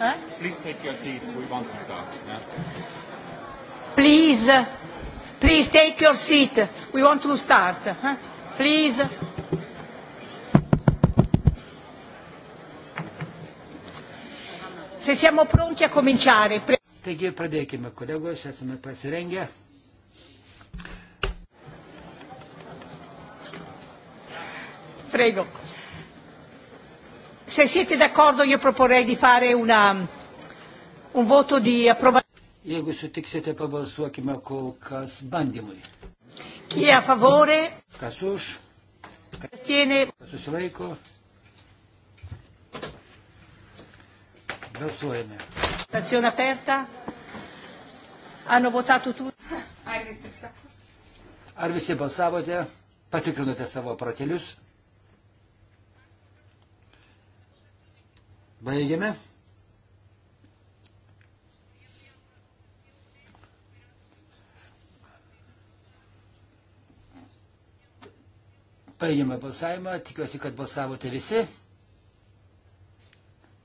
Huh? Please take your seats. We want to start. Yeah? Please, please take your seat. We want to start. Huh? Please. Se siamo pronti a cominciare. Pre- Taigi pradėkime, kolegos, esame pasirengę. Prego. Se siete d'accordo io proporrei di fare una, un voto di approvazione. Jeigu sutiksite, pabalsuokime kol kas bandymui. Chi è a favore? Kas už? Kas tiene? Kas susilaiko? Balsuojame. Stazione aperta. Hanno votato tutti. Ar visi balsavote? Patikrinote savo pratelius? Baigiame. Baigiame balsavimą. Tikiuosi, kad balsavote visi.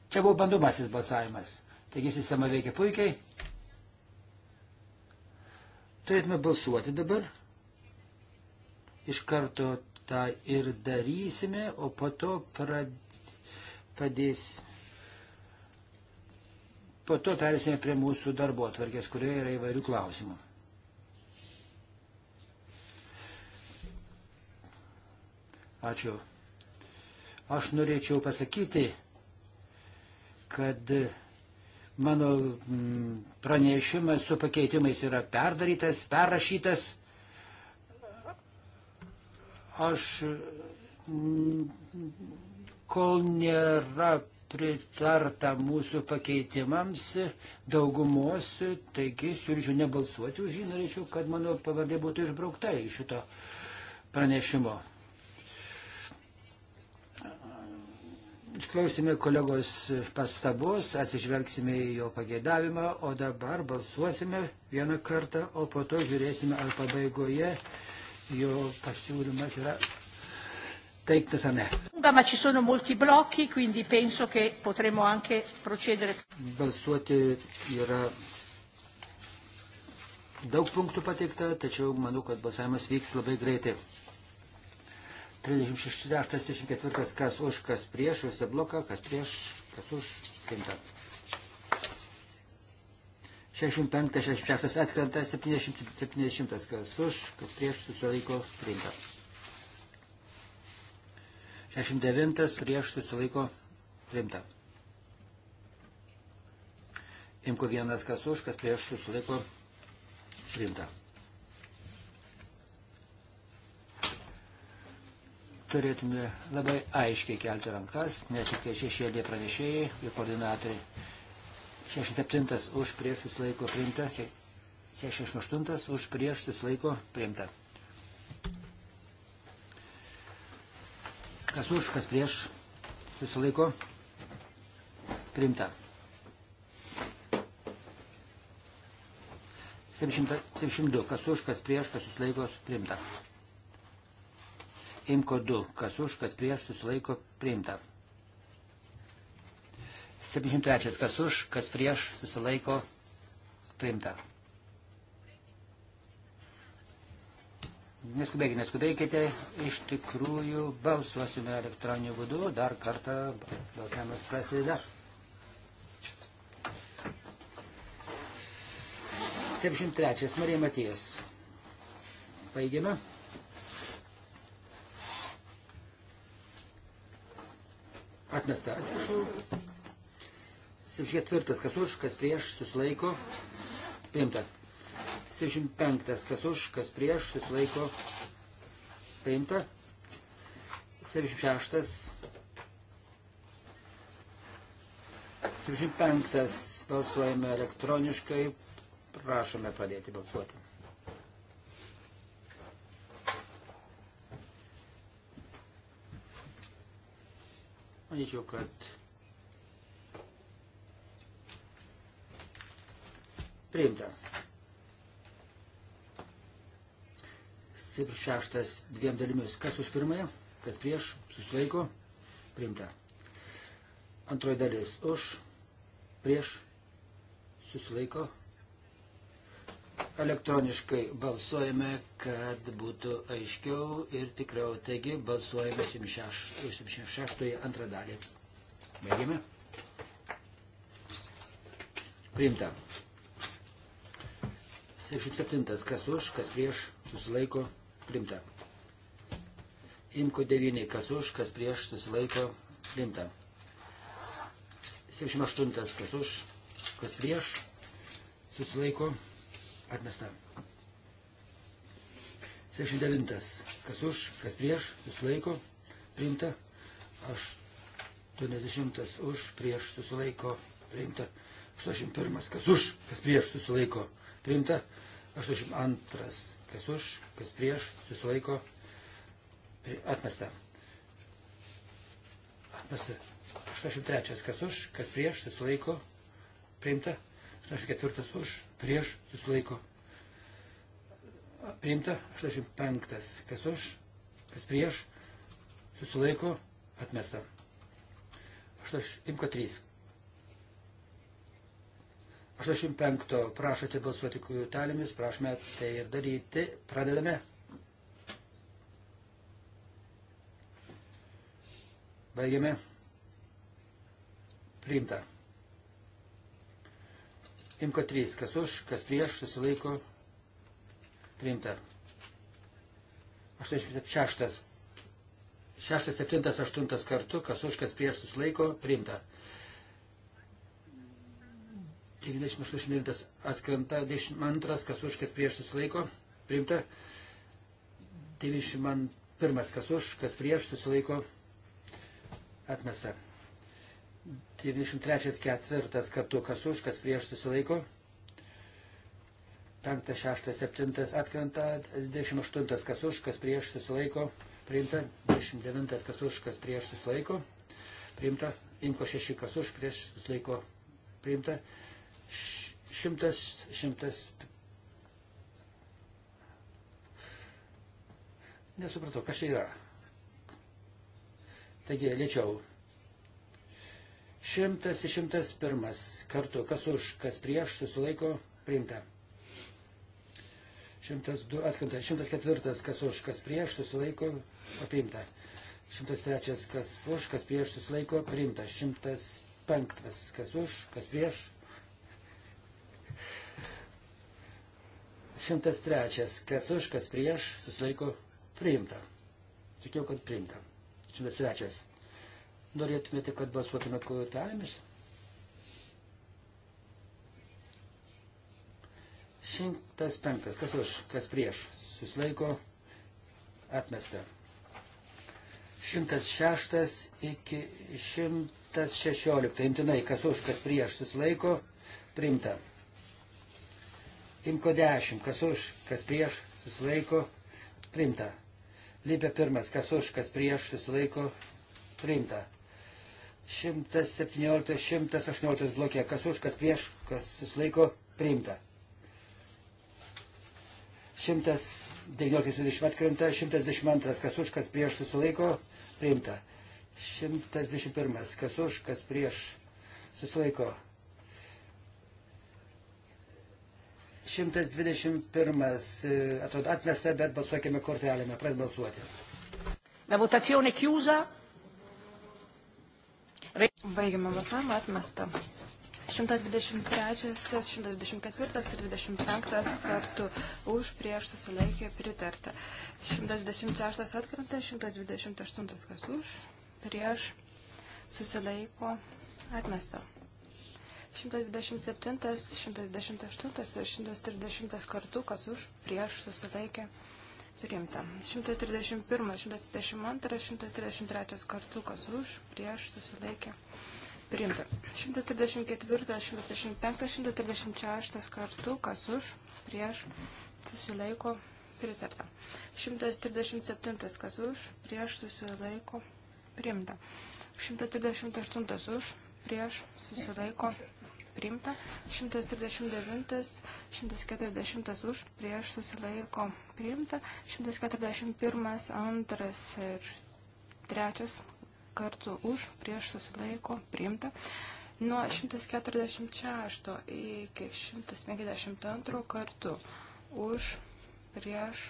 Čia buvo bandomasis balsavimas. Taigi sistema veikia puikiai. Turėtume balsuoti dabar. Iš karto tą ir darysime, o po to pradės. Po to perėsime prie mūsų darbo atvarkės, kurioje yra įvairių klausimų. Ačiū. Aš norėčiau pasakyti, kad mano mm, pranešimas su pakeitimais yra perdarytas, perrašytas. Aš mm, kol nėra pritarta mūsų pakeitimams daugumos, taigi siūlyčiau nebalsuoti už jį, norėčiau, kad mano pavardė būtų išbraukta iš šito pranešimo. Išklausime kolegos pastabos, atsižvelgsime į jo pageidavimą, o dabar balsuosime vieną kartą, o po to žiūrėsime, ar pabaigoje jo pasiūlymas yra Ma ci sono molti blocchi, quindi penso che potremo anche procedere. Balsuoti yra daug punktų pateikta, tačiau manau, kad balsavimas vyks labai greitai. 36-64, kas už, kas prieš, visą bloką, kas prieš, kas už, kinta. 65, 66 atkrenta, 70, 70, kas už, kas prieš, susilaiko, kinta. 69 prieš susilaiko priimta. Imko vienas kas už, kas prieš susilaiko priimta. Turėtume labai aiškiai kelti rankas, ne tik tai šešėlė pranešėjai ir koordinatoriai. 67 už prieš susilaiko priimta, 68 už prieš susilaiko priimta. Kas už, kas prieš susilaiko primta. 702. Kas už, kas prieš, kas susilaiko primta. Imko 2. Kas už, kas prieš susilaiko primta. 703. Kas už, kas prieš susilaiko primta. Neskubėkite, neskubėkite. Iš tikrųjų, balsuosime elektroniniu būdu. Dar kartą balsavimas prasideda. 73. Marija Matijas. Baigiame. Atmesta, atsiprašau. 74. Kas už, kas prieš, susilaiko. Priimta. 75. Kas už, kas prieš, susilaiko priimta. 76. 75. Balsuojame elektroniškai. Prašome pradėti balsuoti. Manyčiau, kad priimta. 106 dviem dalimis. Kas už pirmąją, kas prieš, susilaiko, priimta. Antroji dalis už, prieš, susilaiko. Elektroniškai balsuojame, kad būtų aiškiau ir tikriau. Taigi balsuojame 106 antrą dalį. Baigime. Priimta. 67. Kas už, kas prieš, susilaiko, primta. Imko 9, kas už, kas prieš, susilaiko, primta. 78, kas už, kas prieš, susilaiko, atmesta. 79, kas už, kas prieš, susilaiko, primta. 80 už, prieš, susilaiko, primta. 81, kas už, kas prieš, susilaiko, primta. 82, kas už, kas prieš, susilaiko, atmesta. Atmesta. 83. Kas už, kas prieš, susilaiko, priimta. 84. Už, prieš, susilaiko, priimta. 85. Kas už, kas prieš, susilaiko, atmesta. 83 85 prašote balsuoti kortelėmis, prašome tai ir daryti. Pradedame. Baigiame. Priimta. Imko 3. Kas už, kas prieš, susilaiko. Priimta. 86. 6, 7, 8 kartu. Kas už, kas prieš, susilaiko. Priimta. 98 atskrenta, 92 kas už, kas prieš susilaiko, priimta. 91 kas už, kas prieš susilaiko, atmesta. 93 ketvirtas kartu kas už, kas prieš susilaiko. 5, 6, 7 atkrenta, 28 kas už, kas prieš susilaiko, priimta, 29 kas už, kas prieš susilaiko, priimta, Inko 6 kas už, prieš susilaiko, priimta, Šimtas, šimtas. Nesupratau, kas čia yra. Taigi, lėčiau. Šimtas ir šimtas pirmas kartu, kas už, kas prieš, susilaiko, priimta. Šimtas du atkanta, šimtas ketvirtas, kas už, kas prieš, susilaiko, priimta. Šimtas trečias, kas už, kas prieš, susilaiko, priimta. Šimtas penktas, kas už, kas prieš, 103. Kas už, kas prieš, susilaiko priimta. Sakiau, kad priimta. 103. Norėtumėte, kad balsuotume kojotelėmis? 105. Kas už, kas prieš, susilaiko atmesta. 106 iki 116. Imtinai, kas už, kas prieš, susilaiko priimta. Imko 10, kas už, kas prieš, susilaiko, priimta. Lybė 1, kas už, kas prieš, susilaiko, priimta. 117, 118 blokė, kas už, kas prieš, kas susilaiko, priimta. 119 atkrenta, 122, kas už, kas prieš susilaiko, priimta. 111, kas už, kas prieš susilaiko, priimta. 121 e, atrodo atmesta, bet balsuokime kortelėme. Pradėm balsuoti. La votazione chiusa. Baigiamą balsavimą atmesta. 123, 124 ir 25 kartų už prieš susilaikė pritarta. 126 atkrenta, 128 kas už prieš susilaiko atmesta. 127, 128 ir 130 kartu, kas už, prieš, susilaikė, priimta. 131, 132, 133 kartu, kas už, prieš, susilaikė, priimta. 134, 135, 136 kartu, kas už, prieš, susilaiko, pritarta. 137, kas už, prieš, susilaiko, priimta. 138 už, prieš, susilaiko, priimta priimta, 139, 140 už, prieš susilaiko priimta, 141, antras ir trečias kartu už, prieš susilaiko priimta. Nuo 146 iki 152 kartų už, prieš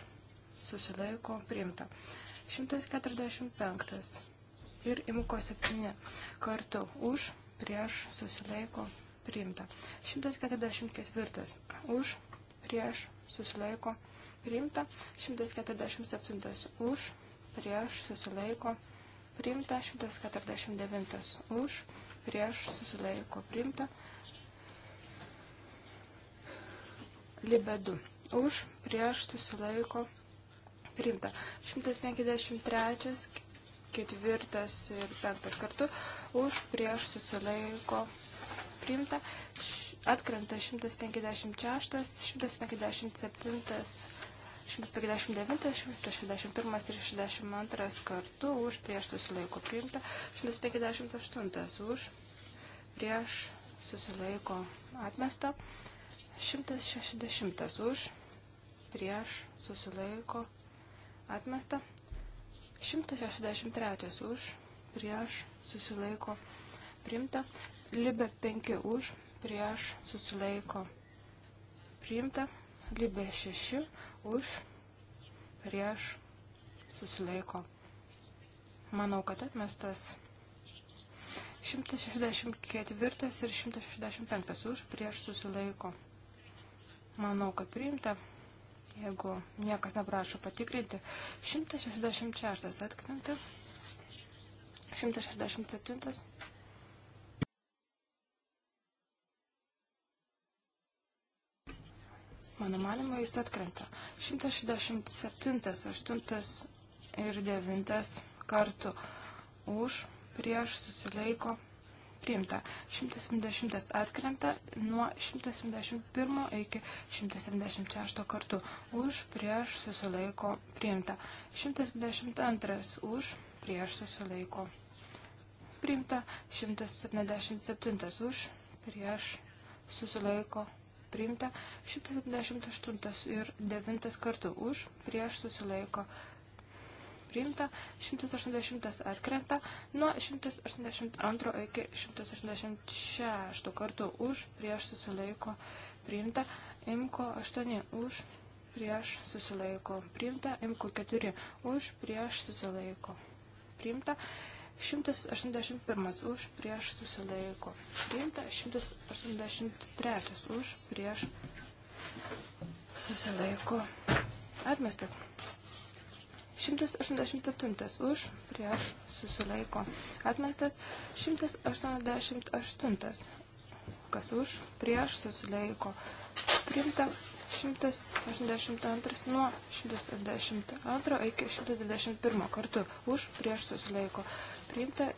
susilaiko priimta. 145 ir imko 7 kartu už, prieš susilaiko priimta priimta. 144 už, prieš, susilaiko, priimta. 147 už, prieš, susilaiko, priimta. 149 už, prieš, susilaiko, priimta. Libe 2 už, prieš, susilaiko, priimta. 153 ketvirtas ir penktas kartu už prieš susilaiko priimta, atkrenta 156, 157, 159, 161 ir 62 kartu už prieš susilaiko priimta, 158 už prieš susilaiko atmesta, 160 už prieš susilaiko atmesta, 163 už prieš susilaiko priimta, Libe 5 už, prieš, susilaiko, priimta. Libe 6 už, prieš, susilaiko. Manau, kad atmestas 164 ir 165 už, prieš, susilaiko. Manau, kad priimta. Jeigu niekas neprašo patikrinti, 166 atkrenta, 167 Mano manimo, jis atkrenta. 167, 8 ir 9 kartų už, prieš, susilaiko, priimta. 170 atkrenta nuo 171 iki 176 kartų. Už, prieš, susilaiko, priimta. 172 už, prieš, susilaiko, priimta. 177 už, prieš, susilaiko, priimta priimta 178 ir 9 kartu už, prieš susilaiko priimta 180 atkrenta nuo 182 iki 186 kartu už, prieš susilaiko priimta imko 8 už, prieš susilaiko priimta imko 4 už, prieš susilaiko priimta 181 už prieš susilaiko priimta, 183 už prieš susilaiko atmestas. 187 už prieš susilaiko atmestas, 188 kas už prieš susilaiko priimta, 182 nuo 182 iki 121 kartu už prieš susilaiko atmestas priimta,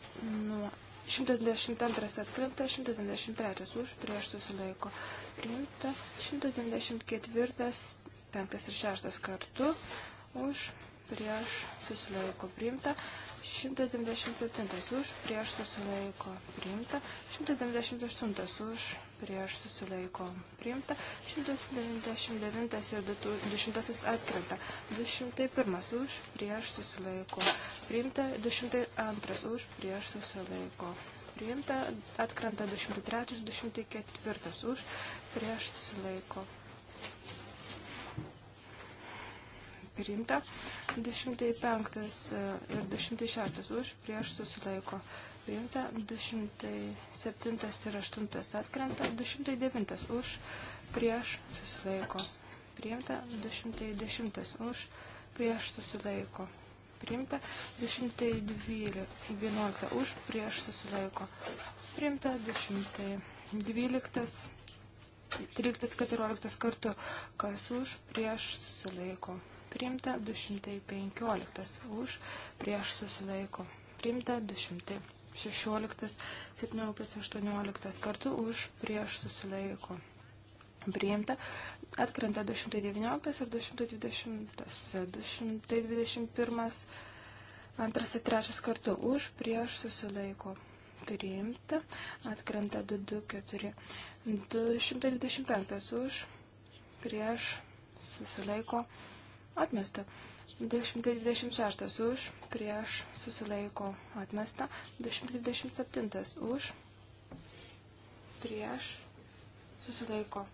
nuo 122 atkrenta, 123 už, prieš susilaiko priimta, 124, 5 ir 6 kartu už, prieš susilaiko priimta, 197 už, prieš susilaiko priimta, 198 už, prieš susilaiko priimta, 199 ir 200 atkrenta, 201 už prieš susilaiko priimta, 202 už prieš susilaiko priimta, atkrenta 203, 204 už prieš susilaiko priimta. 205 e, ir 206 už prieš susilaiko priimta. 207 ir 8 atkrenta. 209 už prieš susilaiko priimta. 210 už prieš susilaiko priimta. 211 už prieš susilaiko priimta. 212 13-14 kartų, kas už prieš susilaiko priimta 215 už, prieš susilaiko priimta 216, 17, 18 kartų už, prieš susilaiko priimta, atkrenta 219 ir 220, 221, antras ir trečias kartų už, prieš susilaiko priimta, atkrenta 224, 225 už, prieš susilaiko priimta atmesta. 226 už, prieš susilaiko atmesta. 227 už, prieš susilaiko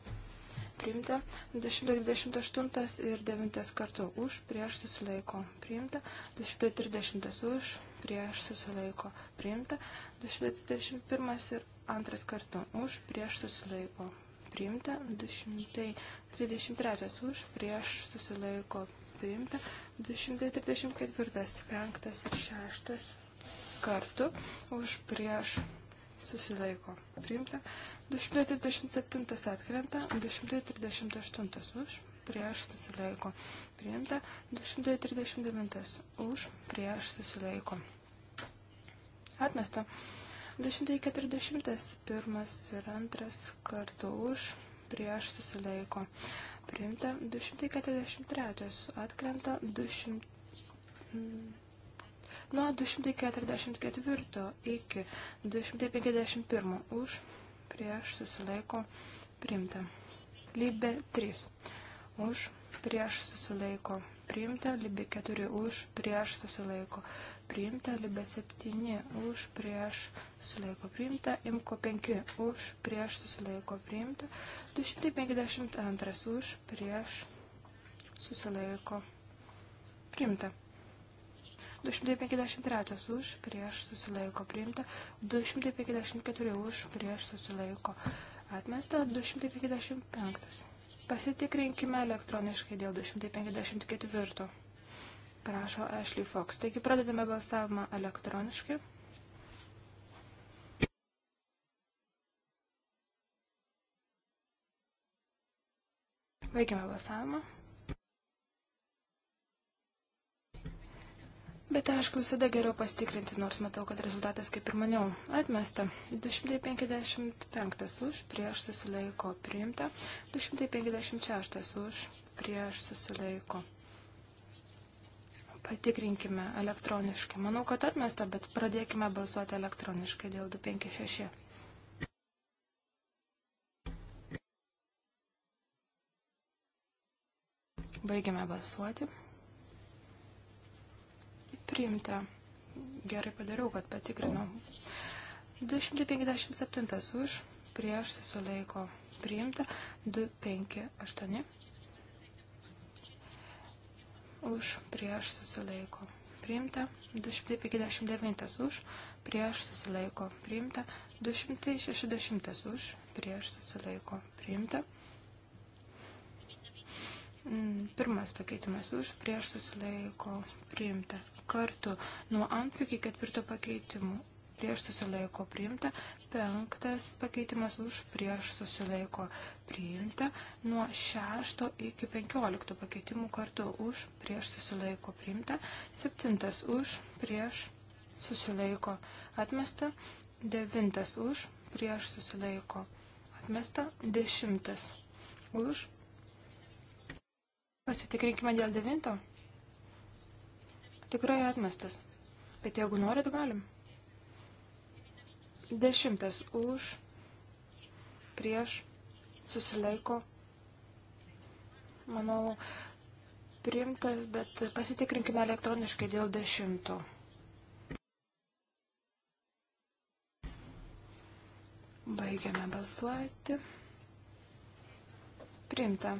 priimta. 228 ir 9 kartu už, prieš susilaiko priimta. 230 už, prieš susilaiko priimta. 231 ir 2 kartu už, prieš susilaiko priimta, 233 už, prieš susilaiko priimta, 234, 5 ir 6 kartu už, prieš susilaiko priimta, 237 atkrenta, 238 už, prieš susilaiko priimta, 239 už, prieš susilaiko atmesta. 241 ir antras kartu už prieš susilaiko. Priimta 243, atkrenta 200, nuo 244 iki 251 už prieš susilaiko priimta. Lybė 3 už prieš susilaiko priimta, lybė 4 už prieš susilaiko priimta, libe 7 už prieš susilaiko priimta, imko 5 už prieš susilaiko priimta, 252 už prieš susilaiko priimta. 253 už prieš susilaiko priimta, 254 už prieš susilaiko atmesta, 255. Pasitikrinkime elektroniškai dėl 254 prašo Ashley Fox. Taigi pradedame balsavimą elektroniškai. Veikiame balsavimą. Bet aišku, visada geriau pasitikrinti, nors matau, kad rezultatas kaip ir maniau. Atmesta. 255 už, prieš susilaiko priimta. 256 už, prieš susilaiko priimta Patikrinkime elektroniškai. Manau, kad atmesta, bet pradėkime balsuoti elektroniškai dėl 256. Baigiame balsuoti. Priimta. Gerai padariau, kad patikrinau. 257 už, prieš susilaiko priimta, 258 už prieš susilaiko priimta 259 už prieš susilaiko priimta 260 už prieš susilaiko priimta mm, pirmas pakeitimas už prieš susilaiko priimta kartu nuo antro iki ketvirto pakeitimų prieš susilaiko priimta, penktas pakeitimas už prieš susilaiko priimta, nuo šešto iki penkiolikto pakeitimų kartu už prieš susilaiko priimta, septintas už prieš susilaiko atmesta, devintas už prieš susilaiko atmesta, dešimtas už. Pasitikrinkime dėl devinto. Tikrai atmestas. Bet jeigu norit, galim. Dešimtas už, prieš, susilaiko. Manau, priimtas, bet pasitikrinkime elektroniškai dėl dešimto. Baigiame balsuoti. Priimta.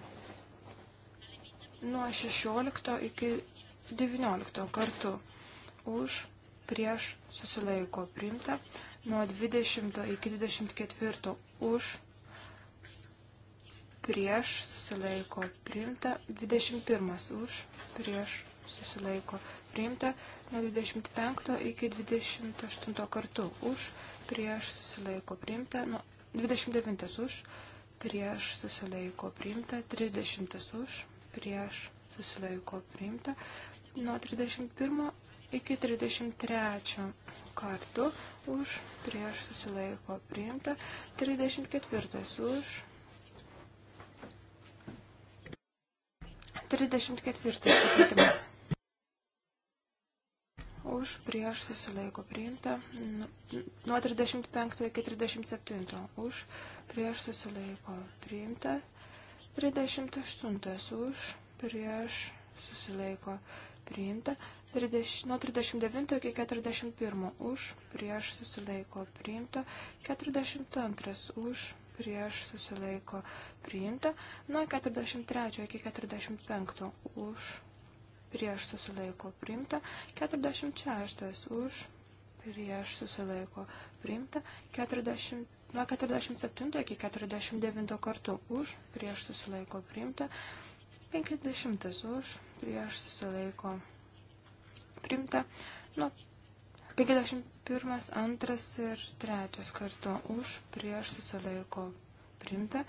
Nuo 16 iki 19 kartų už, prieš, susilaiko. Priimta. Priimta nuo 20 iki 24 už, prieš, susilaiko priimta, 21 už, prieš, susilaiko priimta, nuo 25 iki 28 kartų už, prieš, susilaiko priimta, nuo 29 už, prieš, susilaiko priimta, 30 už, prieš, susilaiko priimta, nuo 31 iki 33 kartų už prieš susilaiko priimta, 34 už 34 pakeitimas. Už prieš susilaiko priimta nu, nuo 35 iki 37. Už prieš susilaiko priimta 38. Už prieš susilaiko priimta 30, nuo 39 iki 41 už, prieš susilaiko priimta, 42 už, prieš susilaiko priimta, nuo 43 iki 45 už, prieš susilaiko priimta, 46 už, prieš susilaiko priimta, 40, nuo 47 iki 49 kartų už, prieš susilaiko priimta, 50 už, prieš susilaiko priimta primta. Nu, 51, 2 ir 3 kartu už, prieš susilaiko primta.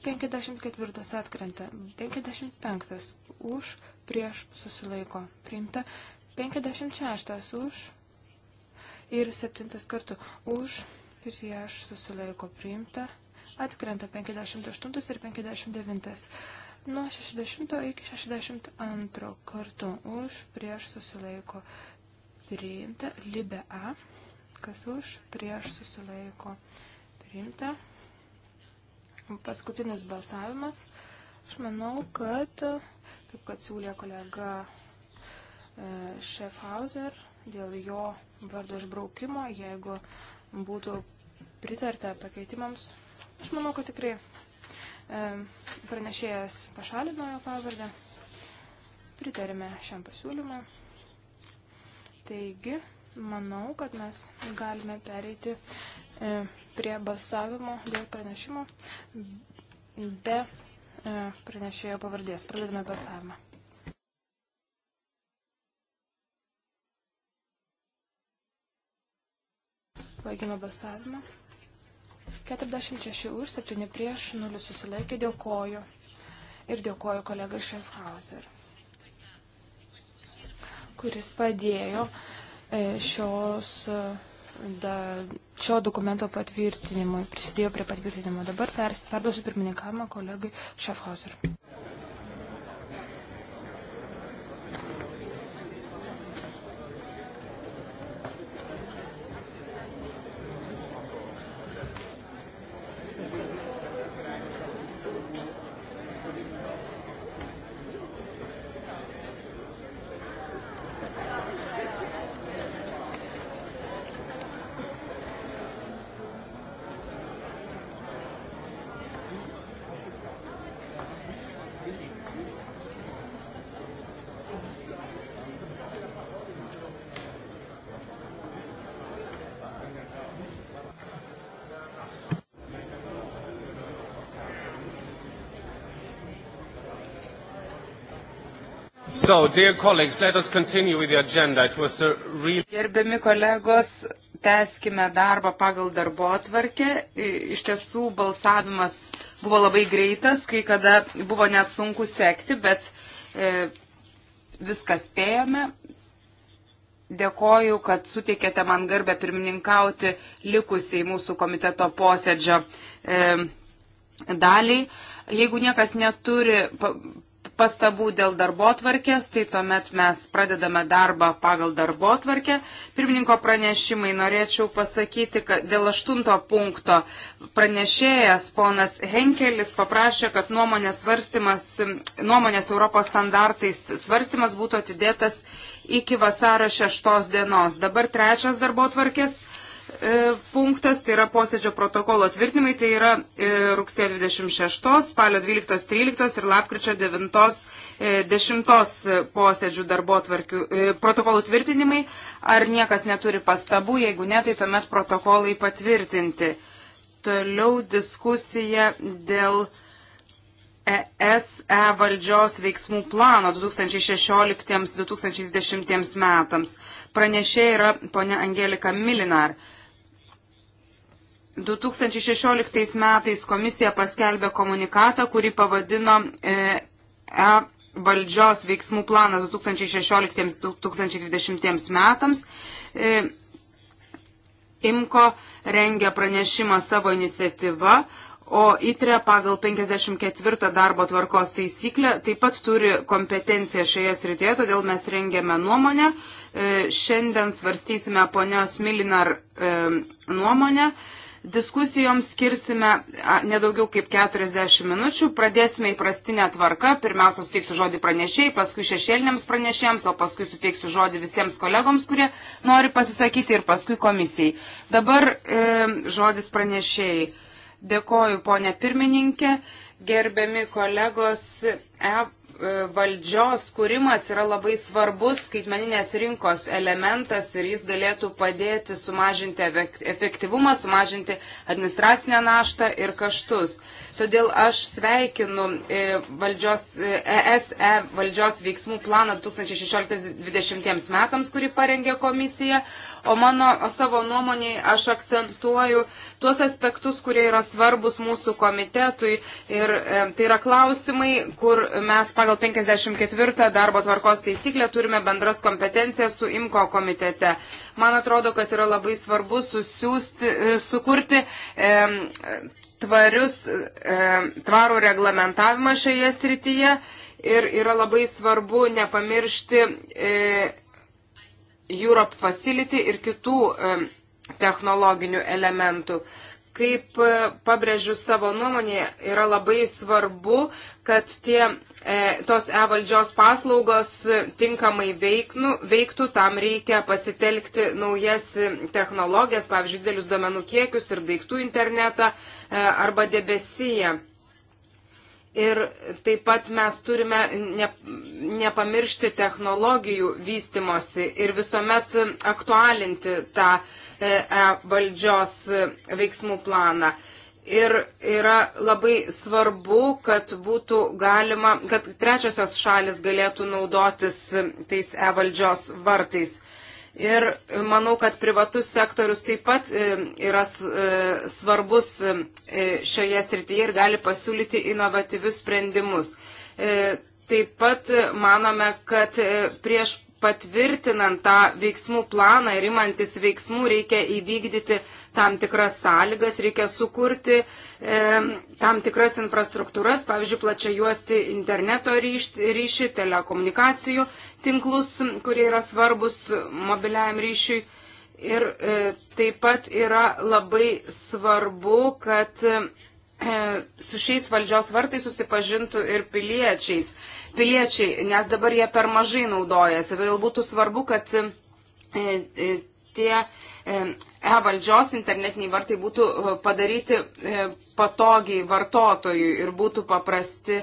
54 atkrenta, 55 už, prieš susilaiko primta. 56 už ir 7 kartu už, prieš susilaiko primta. Atkrenta 58 ir 59 nuo 60 iki 62 kartu už prieš susilaiko priimta, libe A, kas už prieš susilaiko priimta. Paskutinis balsavimas. Aš manau, kad, kaip kad siūlė kolega Šefhauser, dėl jo vardo išbraukimo, jeigu būtų pritarta pakeitimams, aš manau, kad tikrai E, pranešėjas pašalino jo pavardę. Pritarime šiam pasiūlymui. Taigi, manau, kad mes galime pereiti e, prie balsavimo dėl pranešimo be e, pranešėjo pavardės. Pradedame balsavimą. Baigime balsavimą. 46 už, 7 prieš, 0 susilaikė, dėkoju. Ir dėkoju kolegai Schaffhauser, kuris padėjo e, šios, e, da, šio dokumento patvirtinimui, prisidėjo prie patvirtinimo. Dabar perduosiu pirmininkavimą kolegai Schaffhauser. So, dear colleagues, let us continue with the agenda. It was a real... Gerbiami kolegos, tęskime darbą pagal darbo atvarkę. Iš tiesų, balsavimas buvo labai greitas, kai kada buvo net sunku sekti, bet e, viską spėjome. Dėkoju, kad suteikėte man garbę pirmininkauti likusiai mūsų komiteto posėdžio e, daliai. Jeigu niekas neturi pastabų dėl darbo tvarkės, tai tuomet mes pradedame darbą pagal darbo tvarkę. Pirmininko pranešimai norėčiau pasakyti, kad dėl aštunto punkto pranešėjas ponas Henkelis paprašė, kad nuomonės, nuomonės Europos standartais svarstymas būtų atidėtas iki vasario šeštos dienos. Dabar trečias darbo tvarkės E, punktas, tai yra posėdžio protokolo tvirtinimai, tai yra e, rugsėjo 26, spalio 12, 13 ir lapkričio 9, 10 e, posėdžių darbo tvarkių, protokolų tvirtinimai. Ar niekas neturi pastabų, jeigu ne, tai tuomet protokolai patvirtinti. Toliau diskusija dėl ESE valdžios veiksmų plano 2016-2020 metams. Pranešė yra ponia Angelika Milinar. 2016 metais komisija paskelbė komunikatą, kurį pavadino e, e valdžios veiksmų planas 2016-2020 metams. E, IMKO rengia pranešimą savo iniciatyvą, o ITRE pagal 54 darbo tvarkos taisyklę taip pat turi kompetenciją šioje srityje, todėl mes rengiame nuomonę. E, šiandien svarstysime ponios Milinar e, nuomonę. E, Diskusijoms skirsime nedaugiau kaip 40 minučių. Pradėsime įprastinę tvarką. Pirmiausia, suteiksiu žodį pranešėjai, paskui šešėliniams pranešėjams, o paskui suteiksiu žodį visiems kolegoms, kurie nori pasisakyti ir paskui komisijai. Dabar e, žodis pranešėjai. Dėkoju, ponė pirmininkė. Gerbiami kolegos, e, E, valdžios kūrimas yra labai svarbus skaitmeninės rinkos elementas ir jis galėtų padėti sumažinti efektyvumą, sumažinti administracinę naštą ir kaštus. Todėl aš sveikinu e, valdžios, ESE e e valdžios veiksmų planą 2016-2020 metams, kurį parengė komisija, o mano o savo nuomonėje aš akcentuoju tuos aspektus, kurie yra svarbus mūsų komitetui. Ir e, tai yra klausimai, kur mes pagal 54 darbo tvarkos taisyklę turime bendras kompetencijas su IMKO komitete. Man atrodo, kad yra labai svarbu susiųsti, sukurti. E, tvarius, e, tvarų reglamentavimą šioje srityje ir yra labai svarbu nepamiršti e, Europe Facility ir kitų e, technologinių elementų kaip e, pabrėžiu savo nuomonėje, yra labai svarbu, kad tie, e, tos e-valdžios paslaugos tinkamai veiknu, veiktų, tam reikia pasitelkti naujas technologijas, pavyzdžiui, dėlius duomenų kiekius ir daiktų internetą e, arba debesiją. Ir taip pat mes turime ne, nepamiršti technologijų vystimosi ir visuomet aktualinti tą e, e valdžios e, veiksmų planą. Ir yra labai svarbu, kad būtų galima, kad trečiosios šalis galėtų naudotis e, tais e valdžios vartais. Ir manau, kad privatus sektorius taip pat e, yra e, svarbus e, šioje srityje ir gali pasiūlyti inovatyvius sprendimus. Taip pat manome, kad prieš patvirtinant tą veiksmų planą ir imantis veiksmų reikia įvykdyti tam tikras sąlygas, reikia sukurti e, tam tikras infrastruktūras, pavyzdžiui, plačia juosti interneto ryšį, ryšį, telekomunikacijų tinklus, kurie yra svarbus mobiliajam ryšiui. Ir e, taip pat yra labai svarbu, kad e, su šiais valdžios vartais susipažintų ir piliečiais. E, piliečiai, nes dabar jie per mažai naudojasi. Todėl būtų svarbu, kad e, e, tie e, e-valdžios internetiniai vartai būtų padaryti patogiai vartotojui ir būtų paprasti,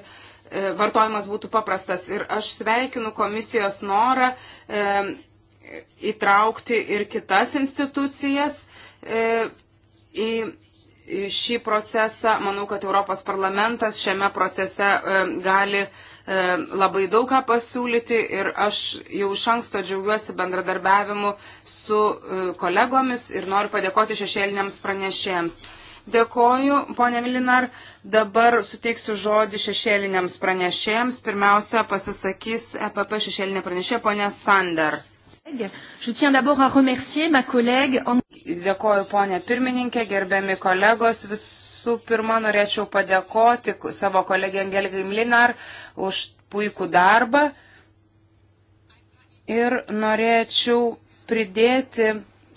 vartojimas būtų paprastas. Ir aš sveikinu komisijos norą įtraukti ir kitas institucijas į šį procesą. Manau, kad Europos parlamentas šiame procese e, gali e, labai daug ką pasiūlyti ir aš jau iš anksto džiaugiuosi bendradarbiavimu su e, kolegomis ir noriu padėkoti šešėliniams pranešėjams. Dėkoju, ponė Milinar. Dabar suteiksiu žodį šešėliniams pranešėjams. Pirmiausia, pasisakys EPP šešėlinė pranešė ponė Sander. Dėkoju, ponė pirmininkė, gerbiami kolegos. Visų pirma, norėčiau padėkoti savo kolegė Angelikai Mlinar už puikų darbą. Ir norėčiau pridėti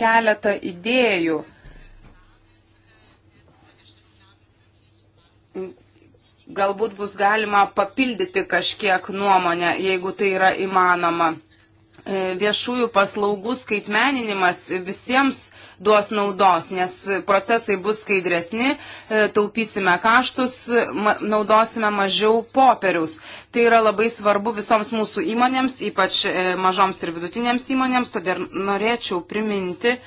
keletą idėjų. Galbūt bus galima papildyti kažkiek nuomonę, jeigu tai yra įmanoma. E, viešųjų paslaugų skaitmeninimas visiems duos naudos, nes procesai bus skaidresni, e, taupysime kaštus, naudosime mažiau popieriaus. Tai yra labai svarbu visoms mūsų įmonėms, ypač e, mažoms ir vidutinėms įmonėms, todėl norėčiau priminti,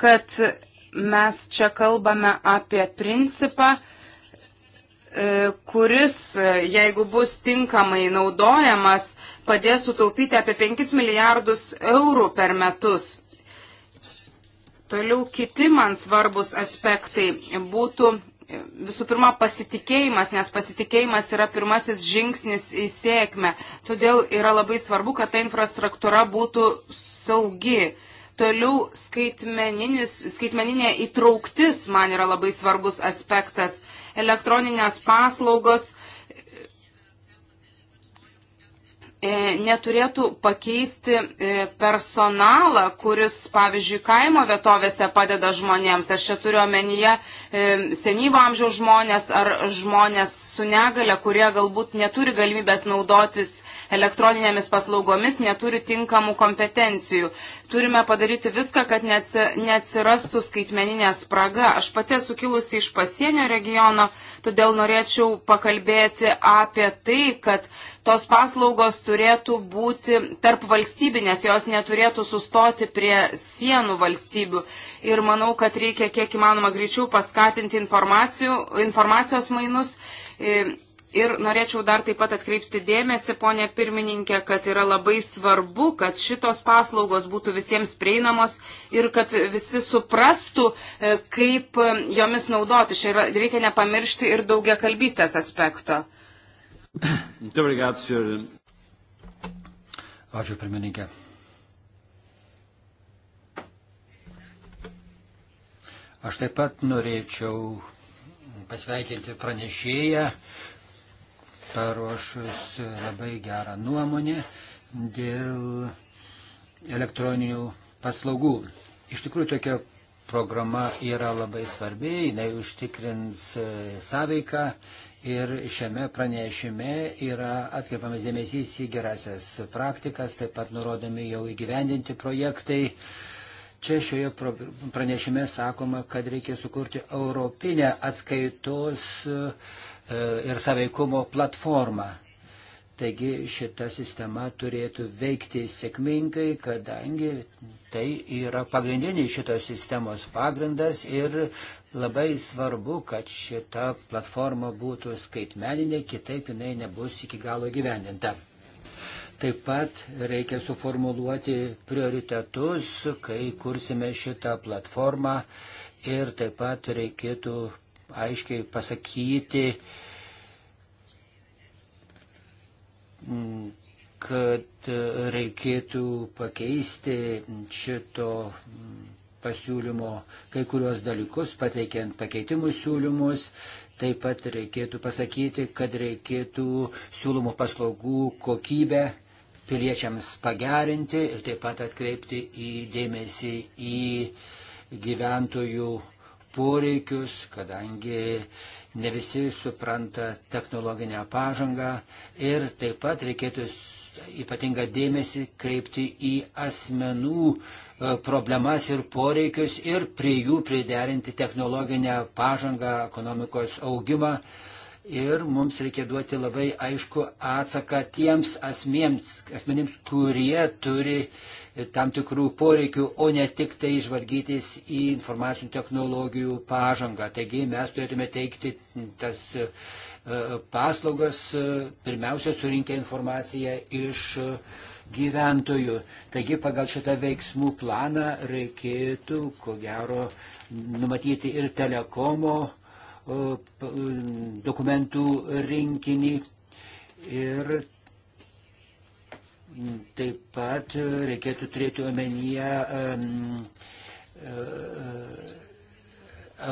kad mes čia kalbame apie principą, kuris, jeigu bus tinkamai naudojamas, padės sutaupyti apie 5 milijardus eurų per metus. Toliau kiti man svarbus aspektai būtų e, visų pirma pasitikėjimas, nes pasitikėjimas yra pirmasis žingsnis į sėkmę. Todėl yra labai svarbu, kad ta infrastruktūra būtų saugi. Toliau skaitmeninė įtrauktis man yra labai svarbus aspektas. Elektroninės paslaugos E, neturėtų pakeisti e, personalą, kuris, pavyzdžiui, kaimo vietovėse padeda žmonėms. Aš čia turiu omenyje e, senyvo amžiaus žmonės ar žmonės su negale, kurie galbūt neturi galimybės naudotis elektroninėmis paslaugomis, neturi tinkamų kompetencijų turime padaryti viską, kad neatsirastų skaitmeninė spraga. Aš pati esu kilusi iš pasienio regiono, todėl norėčiau pakalbėti apie tai, kad tos paslaugos turėtų būti tarp valstybinės, jos neturėtų sustoti prie sienų valstybių. Ir manau, kad reikia kiek įmanoma greičiau paskatinti informacijos mainus. Ir, Ir norėčiau dar taip pat atkreipti dėmesį, ponė pirmininkė, kad yra labai svarbu, kad šitos paslaugos būtų visiems prieinamos ir kad visi suprastų, e, kaip e, jomis naudoti. Šia reikia nepamiršti ir daugia kalbystės aspekto. Ačiū, pirmininkė. Aš taip pat norėčiau pasveikinti pranešėją paruošus labai gerą nuomonę dėl elektroninių paslaugų. Iš tikrųjų, tokia programa yra labai svarbi, jinai užtikrins e, sąveiką ir šiame pranešime yra atkreipamas dėmesys į gerasias praktikas, taip pat nurodomi jau įgyvendinti projektai. Čia šioje pranešime sakoma, kad reikia sukurti europinę atskaitos uh, E, ir saveikumo platformą. Taigi šita sistema turėtų veikti sėkmingai, kadangi tai yra pagrindinis šitos sistemos pagrindas ir labai svarbu, kad šita platforma būtų skaitmeninė, kitaip jinai nebus iki galo gyvendinta. Taip pat reikia suformuluoti prioritetus, kai kursime šitą platformą ir taip pat reikėtų aiškiai pasakyti, kad reikėtų pakeisti šito pasiūlymo kai kurios dalykus, pateikiant pakeitimų siūlymus. Taip pat reikėtų pasakyti, kad reikėtų siūlomų paslaugų kokybę piliečiams pagerinti ir taip pat atkreipti į dėmesį į gyventojų poreikius, kadangi ne visi supranta technologinę pažangą ir taip pat reikėtų ypatingą dėmesį kreipti į asmenų e, problemas ir poreikius ir prie jų priderinti technologinę pažangą, ekonomikos augimą. Ir mums reikia duoti labai aišku atsaką tiems asmėms, asmenims, kurie turi uh, tam tikrų poreikių, o ne tik tai žvalgytis į informacinių technologijų pažangą. Taigi mes turėtume teikti tas e, paslaugas, e, pirmiausia, surinkę informaciją iš e, gyventojų. Taigi pagal šitą veiksmų planą reikėtų, ko gero, numatyti ir telekomo dokumentų rinkinį ir Taip pat e, reikėtų turėti omenyje um, uh,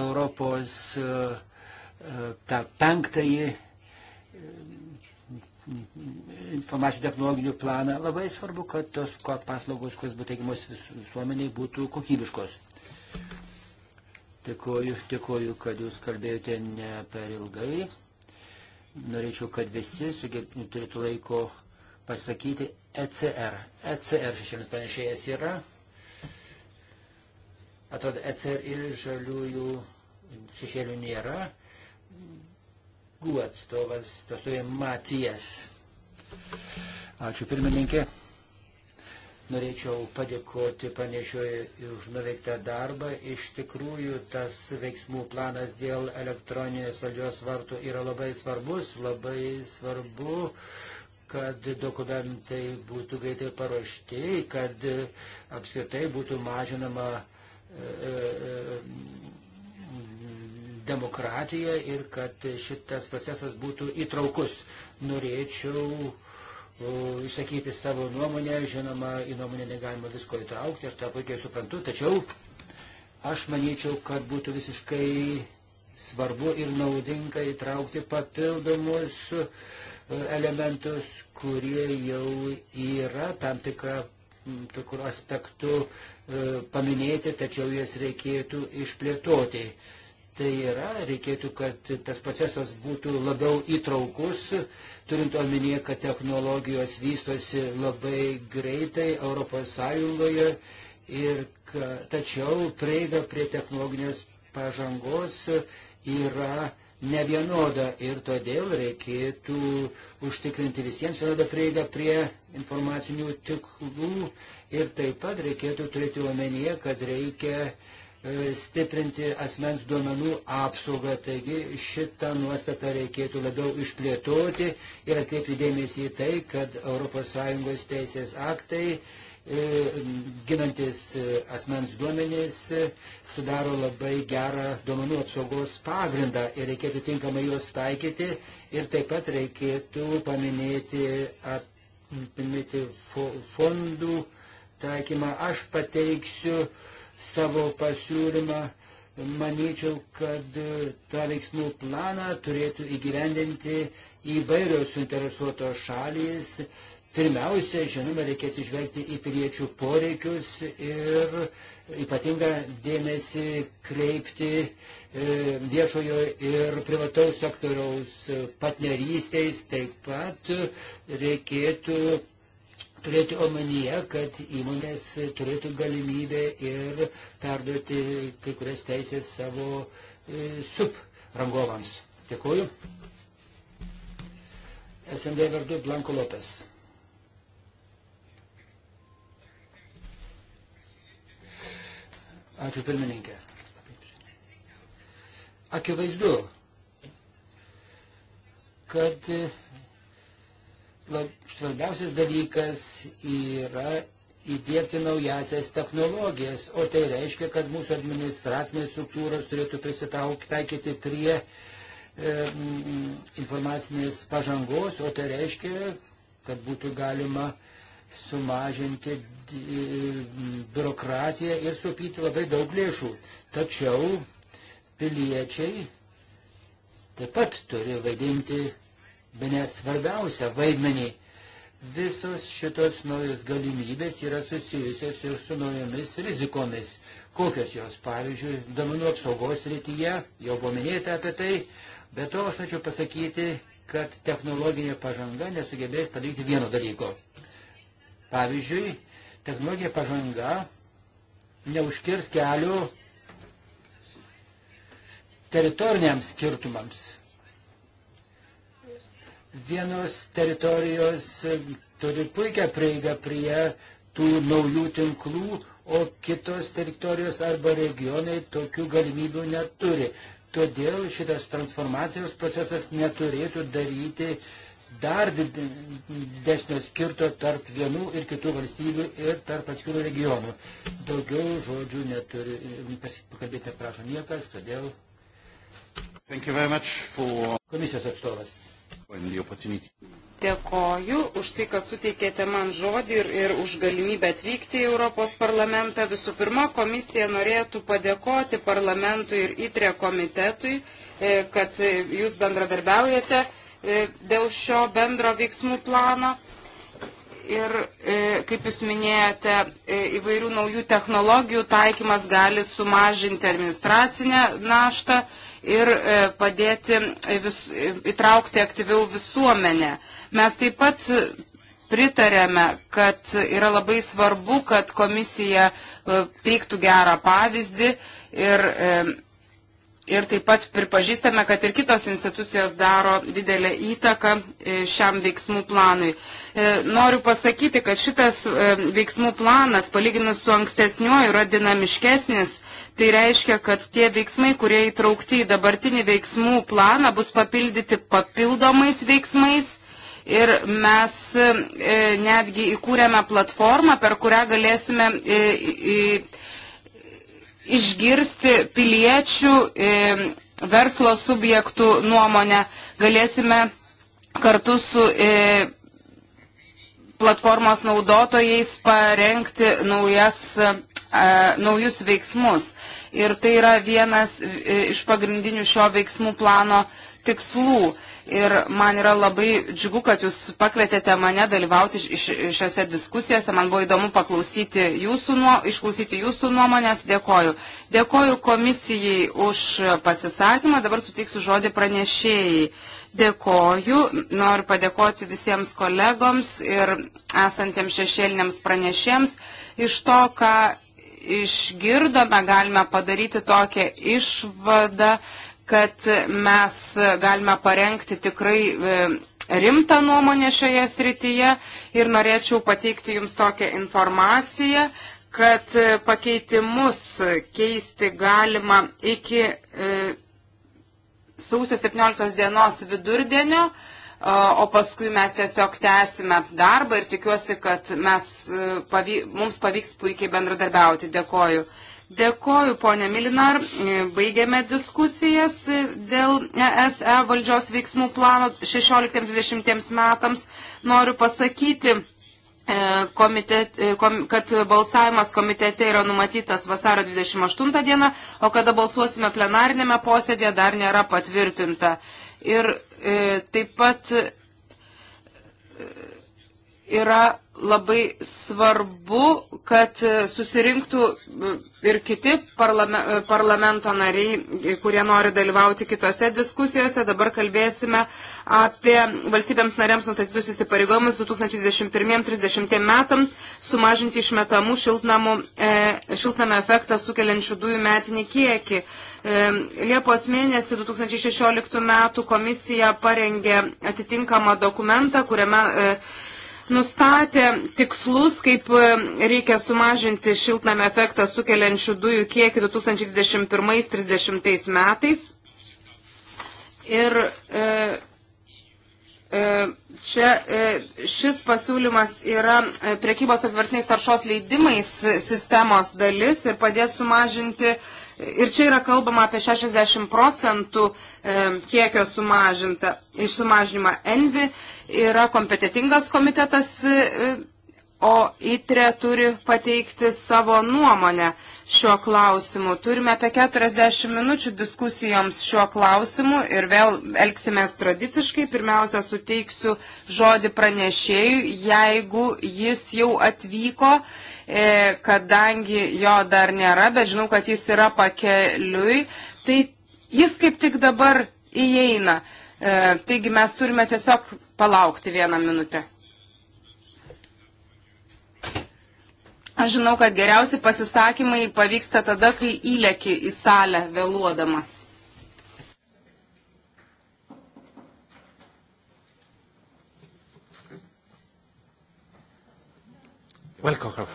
Europos uh, tą penktąjį informacijų technologinių planą. Labai svarbu, kad tos paslaugos, kurios būtų teikiamos visuomeniai, būtų kokybiškos. Dėkoju, dėkoju, kad jūs kalbėjote ne per ilgai. Norėčiau, kad visi sugebėtų turėtų laiko pasakyti ECR. ECR šešėlis pranešėjas yra. Atrodo, ECR ir žaliųjų šešėlių nėra. GU atstovas, atstovė Matijas. Ačiū pirmininkė. Norėčiau padėkoti panešioje už nuveiktą darbą. Iš tikrųjų, tas veiksmų planas dėl elektroninės valdžios vartų yra labai svarbus, labai svarbu uh, kad dokumentai būtų greitai paruošti, kad apskritai būtų mažinama e, e, e, demokratija ir kad šitas procesas būtų įtraukus. Norėčiau išsakyti savo nuomonę, žinoma, į nuomonę negalima visko įtraukti, aš tą puikiai suprantu, tačiau aš manyčiau, kad būtų visiškai svarbu ir naudinga įtraukti papildomus uh, elementus, kurie jau yra tam tikrą tikrų aspektų e, paminėti, tačiau jas reikėtų išplėtoti. Tai yra, reikėtų, kad tas procesas būtų labiau įtraukus, turint omenyje, kad technologijos vystosi labai greitai ES ir tačiau prieiga prie technologinės pažangos yra nevienoda ir todėl reikėtų užtikrinti visiems vienodą prieigą prie informacinių tiklų ir taip pat reikėtų turėti omenyje, kad reikia e, stiprinti asmens duomenų apsaugą. Taigi šitą nuostatą reikėtų labiau išplėtoti ir atkreipti dėmesį į tai, kad ES teisės aktai E, ginantis e, asmens duomenys e, sudaro labai gerą duomenų apsaugos pagrindą ir reikėtų tinkamai juos taikyti ir taip pat reikėtų paminėti, paminėti fondų taikymą. Aš pateiksiu savo pasiūlymą. Manyčiau, kad tą veiksmų planą turėtų įgyvendinti įvairios suinteresuotos šalys, Pirmiausia, žinoma, reikia atsižvelgti į piliečių poreikius ir ypatingą dėmesį kreipti e, viešojo ir privataus sektoriaus partnerystės. Taip pat reikėtų turėti omenyje, kad įmonės turėtų galimybę ir perduoti kai kurias teisės savo e, subrangovams. Dėkuoju. SND vardu Blanko Lopes. Ačiū pirmininkė. Akivaizdu, kad e, lab, svarbiausias dalykas yra įdėkti naujasias technologijas, o tai reiškia, kad mūsų administracinės struktūros turėtų prisitaukyti prie e, mm, informacinės pažangos, o tai reiškia, kad būtų galima sumažinti E, biurokratiją ir sutaupyti labai daug lėšų. Tačiau piliečiai taip pat turi vaidinti bene svarbiausią vaidmenį. Visos šitos naujos galimybės yra susijusios ir su naujomis rizikomis. Kokios jos, pavyzdžiui, domenų apsaugos rytyje, jau buvo minėta apie tai, bet to aš norėčiau pasakyti, kad technologinė pažanga nesugebės padaryti vieno dalyko. Pavyzdžiui, technologinė pažanga neužkirs kelių teritoriniams skirtumams. Vienos teritorijos turi puikią prieigą prie tų naujų tinklų, o kitos teritorijos arba regionai tokių galimybių neturi. Todėl šitas transformacijos procesas neturėtų daryti uh, dar didesnio skirto tarp vienų ir kitų valstybių ir tarp atskirų regionų. Daugiau žodžių neturi, pakalbėti neprašo niekas, todėl. For... Komisijos atstovas. Dėkoju už tai, kad suteikėte man žodį ir, ir už galimybę atvykti į Europos parlamentą. Visų pirma, komisija norėtų padėkoti parlamentui ir ITRE komitetui, e, kad e, jūs bendradarbiaujate E, dėl šio bendro veiksmų plano. Ir, e, kaip Jūs minėjote, e, įvairių naujų technologijų taikymas gali sumažinti administracinę naštą ir padėti vis, įtraukti aktyviau visuomenę. Mes taip pat pritarėme, kad yra labai svarbu, kad komisija teiktų gerą pavyzdį ir Ir taip pat pripažįstame, kad ir kitos institucijos daro didelę įtaką e, šiam veiksmų planui. E, noriu pasakyti, kad šitas e, veiksmų planas, palyginus su ankstesniuoju, yra dinamiškesnis. Tai reiškia, kad tie veiksmai, kurie įtraukti į dabartinį veiksmų planą, bus papildyti papildomais veiksmais. Ir mes netgi įkūrėme platformą, per kurią galėsime į, į, išgirsti piliečių e, verslo subjektų nuomonę. Galėsime kartu su e, platformos naudotojais parengti naujas, e, naujus veiksmus. Ir tai yra vienas e, iš pagrindinių šio veiksmų plano tikslų. E, ir man yra labai džiugu, kad jūs pakvietėte mane dalyvauti šiuose diskusijose. Man buvo įdomu paklausyti jūsų, nuo, išklausyti jūsų nuomonės. Dėkoju. Dėkoju komisijai už pasisakymą. Dabar suteiksiu žodį pranešėjai. Dėkoju. Noriu padėkoti visiems kolegoms ir esantiems šešėliniams pranešėjams iš to, ką išgirdome, galime padaryti tokią išvadą, kad mes galime parengti tikrai e, rimtą nuomonę šioje srityje ir norėčiau pateikti Jums tokią informaciją, kad e, pakeitimus keisti galima iki e, sausio 17 dienos vidurdienio, o paskui mes tiesiog tęsime darbą ir tikiuosi, kad mes, pavy, mums pavyks puikiai bendradarbiauti. Dėkoju. Dėkoju, ponė Milinar. Baigėme diskusijas dėl ESE e valdžios veiksmų plano 16-20 metams. Noriu pasakyti, e, komitet, e, kom, kad balsavimas komitete yra numatytas vasaro 28 dieną, o kada balsuosime plenarinėme posėdėje dar nėra patvirtinta. Ir e, taip pat e, yra labai svarbu, kad susirinktų ir kiti parlame, parlamento nariai, kurie nori dalyvauti kitose diskusijose. Dabar kalbėsime apie valstybėms nariams nustatytus įsipareigojimus 2021-2030 metams sumažinti išmetamų šiltnamų, e, šiltnamą efektą sukeliančių dujų metinį kiekį. E, Liepos mėnesį 2016 metų komisija parengė atitinkamą dokumentą, kuriame e, nustatė tikslus, kaip e, reikia sumažinti šiltnamio efektą sukeliančių dujų kiekį 2021-2030 metais. Ir e, E, čia e, šis pasiūlymas yra e, priekybos apivartiniais taršos leidimais sistemos dalis ir padės sumažinti, ir čia yra kalbama apie 60 procentų kiekio sumažinta, iš sumažinimą Envi yra kompetitingas komitetas, o ITRE turi pateikti savo nuomonę šiuo klausimu. Turime apie 40 minučių diskusijoms šiuo klausimu ir vėl elgsimės tradiciškai. Pirmiausia, suteiksiu žodį pranešėjui, jeigu jis jau atvyko, e, kadangi jo dar nėra, bet žinau, kad jis yra pakeliui, tai jis kaip tik dabar įeina. E, taigi mes turime tiesiog palaukti vieną minutę. Aš žinau, kad geriausi pasisakymai pavyksta tada, kai įleki į salę vėluodamas. Welcome.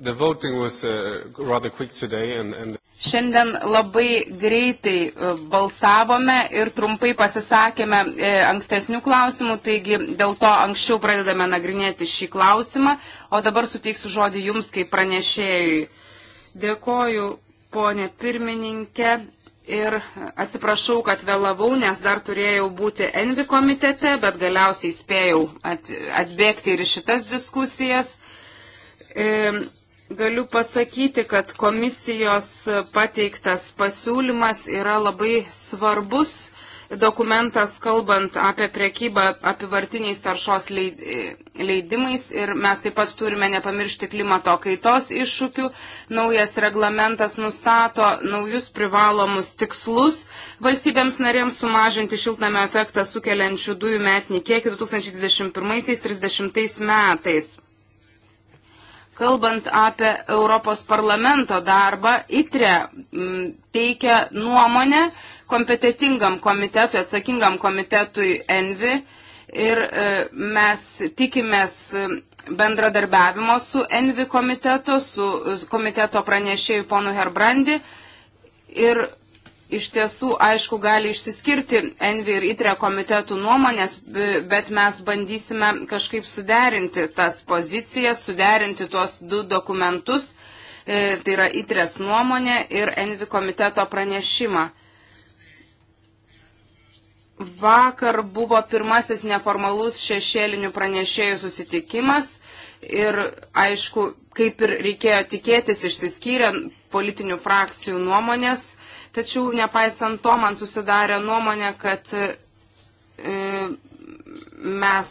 The voting was uh, rather quick today and, and Šiandien labai greitai e, balsavome ir trumpai pasisakėme e, ankstesnių klausimų, taigi dėl to anksčiau pradedame nagrinėti šį klausimą, o dabar suteiksiu žodį Jums kaip pranešėjui. Dėkoju, ponė pirmininkė, ir atsiprašau, kad vėlavau, nes dar turėjau būti Envi komitete, bet galiausiai spėjau atbėgti ir šitas diskusijas. E, Galiu pasakyti, kad komisijos pateiktas pasiūlymas yra labai svarbus dokumentas, kalbant apie priekybą apivartiniais taršos leidimais ir mes taip pat turime nepamiršti klimato kaitos iššūkių. Naujas reglamentas nustato naujus privalomus tikslus valstybėms narėms sumažinti šiltnamio efektą sukeliančių dujų metinį kiekį 2021-2030 metais. Kalbant apie Europos parlamento darbą, ITRE mm, teikia nuomonę kompetitingam komitetui, atsakingam komitetui ENVI ir e, mes tikimės e, bendradarbiavimo su ENVI komitetu, su e, komiteto pranešėjų ponu Herbrandi ir iš tiesų, aišku, gali išsiskirti Envi ir ITRE komitetų nuomonės, bet mes bandysime kažkaip suderinti tas pozicijas, suderinti tuos du dokumentus, e, tai yra ITRES nuomonė ir Envi komiteto pranešimą. Vakar buvo pirmasis neformalus šešėlinių pranešėjų susitikimas ir, aišku, kaip ir reikėjo tikėtis, išsiskyrė politinių frakcijų nuomonės Tačiau nepaisant to, man susidarė nuomonė, kad e, mes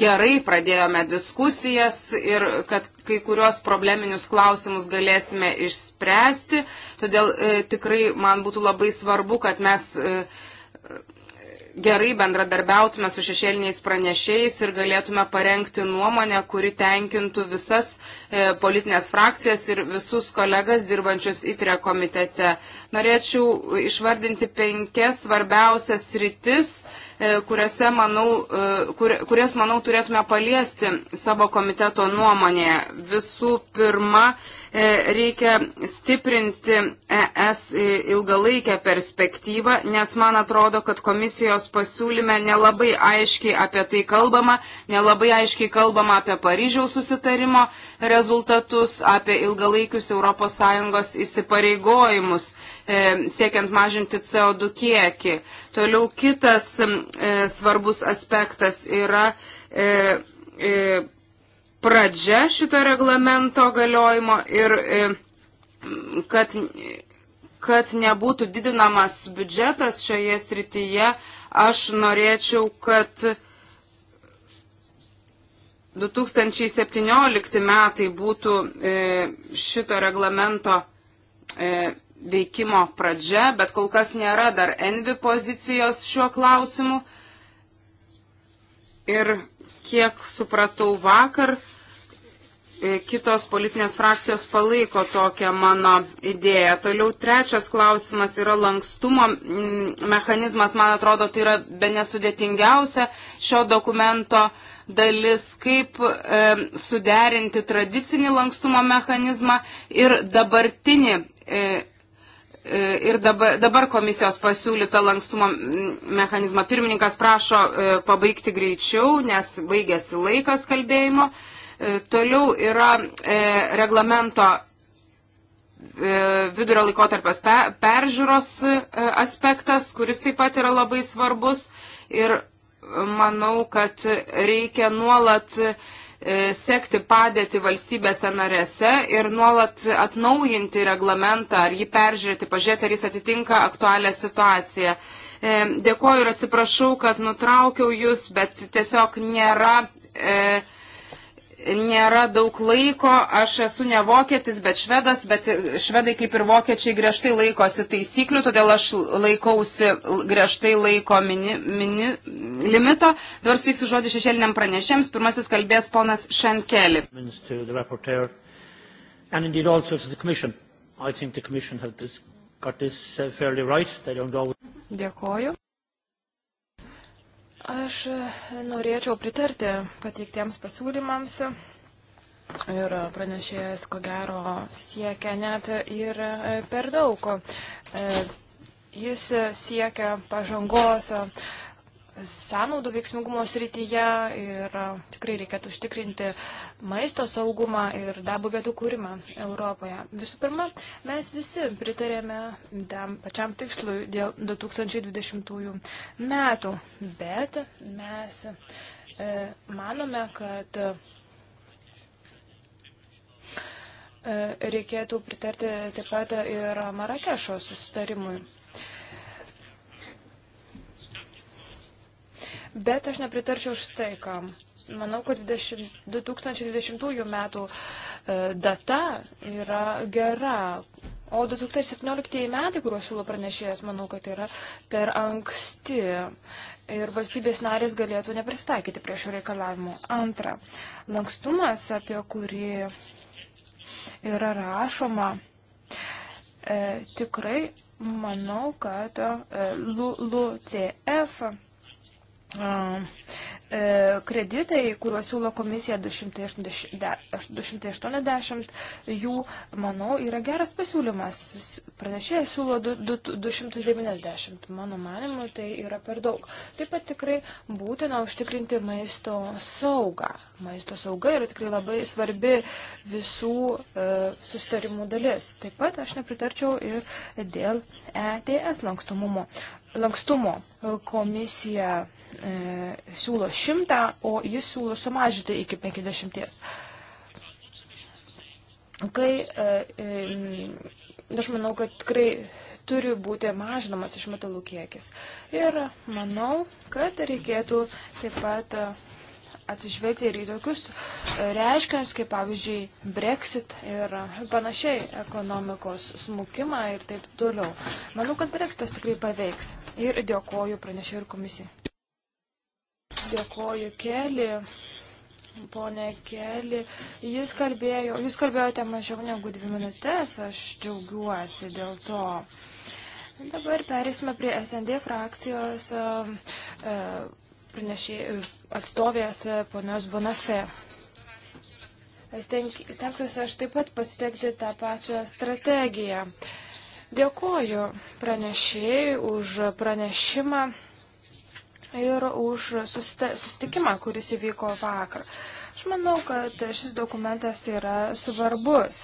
gerai pradėjome diskusijas ir kad kai kurios probleminius klausimus galėsime išspręsti. Todėl e, tikrai man būtų labai svarbu, kad mes e, gerai bendradarbiautume su šešėliniais pranešiais ir galėtume parengti nuomonę, kuri tenkintų visas e, politinės frakcijas ir visus kolegas dirbančius įtrė komitete. Norėčiau išvardinti penkias svarbiausias rytis, e, kuriuose, manau, e, kur, kurias, manau, turėtume paliesti savo komiteto nuomonėje. Visų pirma, e, reikia stiprinti ES ilgalaikę perspektyvą, nes man atrodo, kad komisijos komisijos pasiūlyme nelabai aiškiai apie tai kalbama, nelabai aiškiai kalbama apie Paryžiaus susitarimo rezultatus, apie ilgalaikius ES įsipareigojimus, e, siekiant mažinti CO2 kiekį. Toliau kitas e, svarbus aspektas yra. E, e, pradžia šito reglamento galiojimo ir e, kad kad nebūtų didinamas biudžetas šioje srityje, Aš norėčiau, kad 2017 metai būtų e, šito reglamento e, veikimo pradžia, bet kol kas nėra dar envi pozicijos šiuo klausimu. Ir kiek supratau vakar, E, kitos politinės frakcijos palaiko tokią mano idėją. Toliau trečias klausimas yra lankstumo mm, mechanizmas. Man atrodo, tai yra be nesudėtingiausia šio dokumento dalis, kaip e, suderinti tradicinį lankstumo mechanizmą ir dabartinį. E, e Ir dabar, dabar komisijos pasiūlyta lankstumo mm, mechanizma. Pirmininkas prašo e, pabaigti greičiau, nes baigėsi laikas kalbėjimo. E, E, toliau yra e, reglamento e, vidurio laikotarpės peržiūros aspektas, kuris taip pat yra labai svarbus ir manau, kad reikia nuolat sekti padėti valstybėse narėse ir nuolat atnaujinti reglamentą ar jį peržiūrėti, pažiūrėti, ar jis atitinka aktualią situaciją. Dėkuoju ir atsiprašau, kad nutraukiau jūs, bet tiesiog nėra. E, nėra daug laiko, aš esu ne vokietis, bet švedas, bet švedai kaip ir vokiečiai griežtai laikosi taisyklių, todėl aš laikausi griežtai laiko mini, mini, limito. Dabar sveiksiu žodį šešėliniam pranešėms. Pirmasis kalbės ponas Šenkeli. Uh, Dėkoju. Aš norėčiau pritarti pateiktiems pasiūlymams. Ir pranešėjas, ko gero, siekia net ir e, per daug. E, jis siekia pažangos sąnaudų veiksmingumo srityje ir tikrai reikėtų užtikrinti maisto saugumą ir darbo vietų kūrimą Europoje. Visų pirma, mes visi pritarėme tam pačiam tikslui dėl 2020 metų, bet mes e, manome, kad e, reikėtų pritarti taip pat ir Marakešo susitarimui. Bet aš nepritarčiau štai kam. Manau, kad 2020 metų e, data yra gera, o 2017 metai, kuriuos siūlo pranešėjas, manau, kad yra per anksti ir valstybės narės galėtų nepristaikyti prie šių reikalavimų. Antra, lankstumas, apie kurį yra rašoma, e, tikrai manau, kad e, LUCF. Lu E, kreditai, kuriuos siūlo komisija 280, jų, manau, yra geras pasiūlymas. Pranešėjas siūlo 290. Mano manimu, tai yra per daug. Taip pat tikrai būtina užtikrinti maisto saugą. Maisto sauga yra tikrai labai svarbi visų e, sustarimų dalis. Taip pat aš nepritarčiau ir dėl ETS lankstumumo lankstumo komisija e, siūlo 100, o jis siūlo sumažinti iki 50. Kai, e, e, aš manau, kad tikrai turi būti mažinamas išmetalų kiekis. Ir manau, kad reikėtų taip pat atsižvelgti ir į tokius e, reiškinius, kaip pavyzdžiui Brexit ir panašiai ekonomikos smukimą ir taip toliau. Manau, kad Brexitas tikrai paveiks ir dėkoju pranešėjų ir komisijai. Dėkoju Kelį. Pone Keli, jūs, kalbėjo, jūs kalbėjote mažiau negu dvi minutės, aš džiaugiuosi dėl to. Dabar perėsime prie SND frakcijos. Uh, uh, pranešė e, atstovės e, ponios Bonafė. Stengsiuosi aš taip pat pasitekti tą pačią strategiją. Dėkoju pranešėjai už pranešimą ir už susitikimą, kuris įvyko vakar. Aš manau, kad šis dokumentas yra svarbus.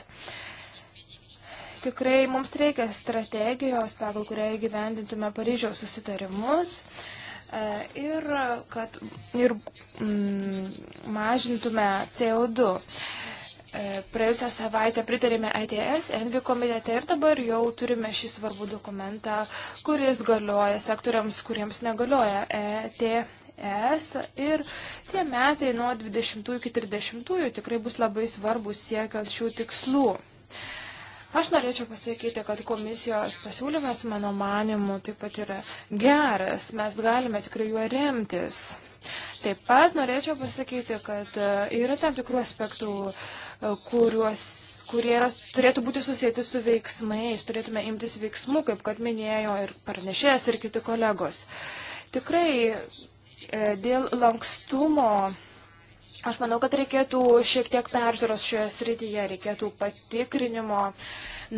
Tikrai mums reikia strategijos, pagal kurią įgyvendintume Paryžiaus susitarimus. Uh, E, ir kad ir mm, mažintume CO2. E, praėjusią savaitę pritarėme ETS, Envi komitete ir dabar jau turime šį svarbų dokumentą, kuris galioja sektoriams, kuriems negalioja ETS. Ir tie metai nuo 20 iki 30 tikrai bus labai svarbus siekiant šių tikslų. Aš norėčiau pasakyti, kad komisijos pasiūlymas, mano manimu, taip pat yra geras. Mes galime tikrai juo remtis. Taip pat norėčiau pasakyti, kad e, yra tam tikrų aspektų, e, kuriuos, kurie yra, turėtų būti susijęti su veiksmais, turėtume imtis veiksmų, kaip kad minėjo ir parnešėjas, ir kiti kolegos. Tikrai e, dėl lankstumo Aš manau, kad reikėtų šiek tiek peržiūros šioje srityje, reikėtų patikrinimo,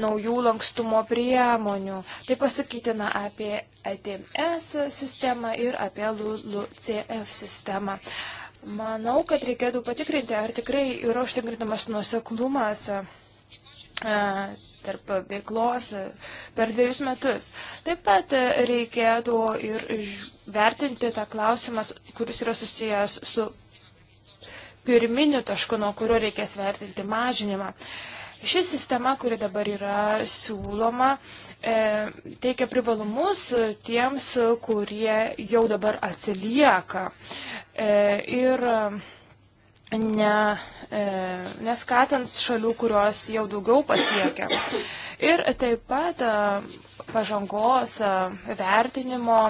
naujų lankstumo priemonių. Tai pasakytina apie ATMS sistemą ir apie LULCF sistemą. Manau, kad reikėtų patikrinti, ar tikrai yra užtikrinamas nuoseklumas e, tarp veiklos e, per dviejus metus. Taip pat e, reikėtų ir vertinti tą klausimą, kuris yra susijęs su pirminiu tašku, nuo kurio reikės vertinti mažinimą. Ši sistema, kuri dabar yra siūloma, e, teikia privalumus tiems, kurie jau dabar atsilieka. E, ir ne, e, neskatins šalių, kurios jau daugiau pasiekia. Ir taip pat pažangos vertinimo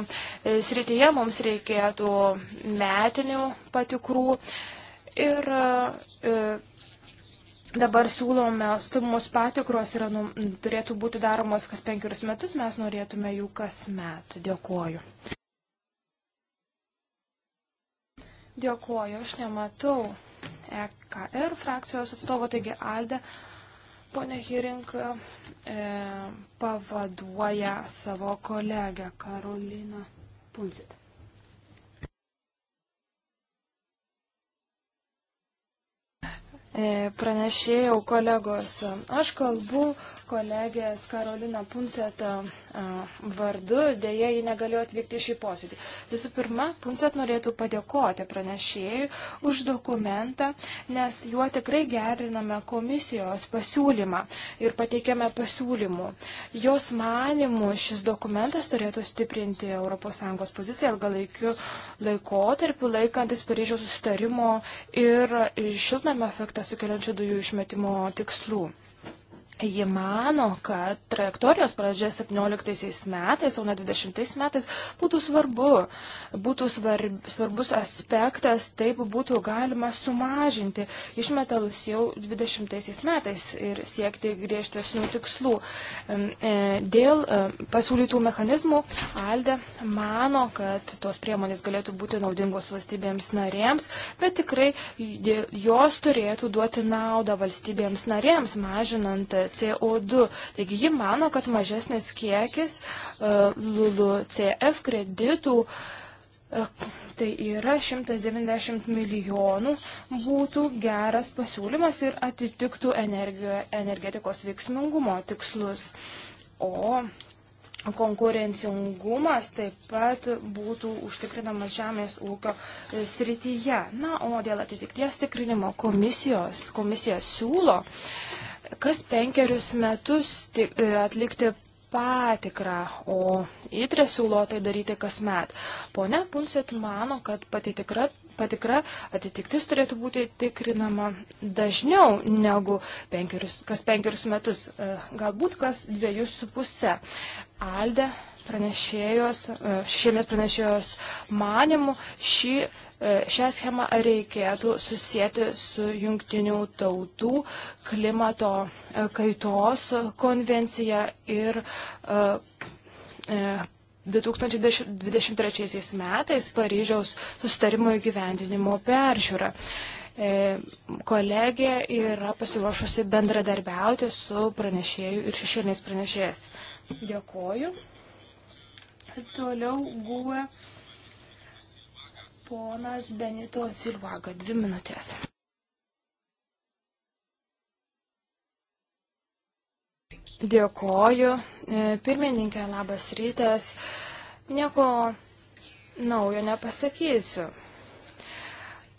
srityje mums reikėtų metinių patikrų Ir e, dabar siūlome stumus patikros yra, nu, turėtų būti daromos kas penkerius metus, mes norėtume jų kas met. Dėkuoju. Dėkuoju, aš nematau EKR frakcijos atstovo, taigi Alde, ponė Hirink, e, pavaduoja savo kolegę Karoliną Punzitą. E, pranešėjau kolegos. Aš kalbu kolegės Karolina Punceto vardu, dėja ji negalėjo atvykti šį posėdį. Visų pirma, Punset norėtų padėkoti pranešėjui už dokumentą, nes juo tikrai geriname komisijos pasiūlymą ir pateikėme pasiūlymų. Jos manimų šis dokumentas turėtų stiprinti ES poziciją ilgalaikiu laikotarpiu, laikantis Paryžiaus sustarimo ir šiltnamio efektą sukeliančių dujų išmetimo tikslų. Ji mano, kad trajektorijos pradžia 17 metais, o ne 20 metais būtų svarbu, būtų svarb, svarbus aspektas, taip būtų galima sumažinti išmetalus jau 20 metais ir siekti griežtesnių tikslų. E, dėl e, pasiūlytų mechanizmų Alde mano, kad tos priemonės galėtų būti naudingos valstybėms narėms, bet tikrai jos turėtų duoti naudą valstybėms narėms, mažinant CO2. Taigi ji mano, kad mažesnis kiekis e, LULUCF kreditų e, Tai yra 190 milijonų būtų geras pasiūlymas ir atitiktų energetikos veiksmingumo tikslus. O konkurencingumas taip pat būtų užtikrinamas žemės ūkio e, srityje. Na, o dėl atitikties tikrinimo komisijos, komisija siūlo. Uh, kas penkerius metus e, atlikti patikrą, o įtrė siūlo tai daryti kasmet. Pone Punsit mano, kad patitikra, patikra atitiktis turėtų būti tikrinama dažniau negu penkerius, kas penkerius metus, e, galbūt kas dviejus su puse. Alde pranešėjos, e, šiandien pranešėjos manimų šį E, šią schemą reikėtų susijęti su jungtinių tautų klimato e, kaitos konvencija ir 2023 e, metais Paryžiaus sustarimo įgyvendinimo peržiūra. Kolegė yra pasiruošusi bendradarbiauti su pranešėjų ir šešėliniais pranešėjais. Dėkoju. Toliau guva. Buvo... Ponas Benito Silvaga, dvi minutės. Dėkoju. E, pirmininkė, labas rytas. Nieko naujo nepasakysiu.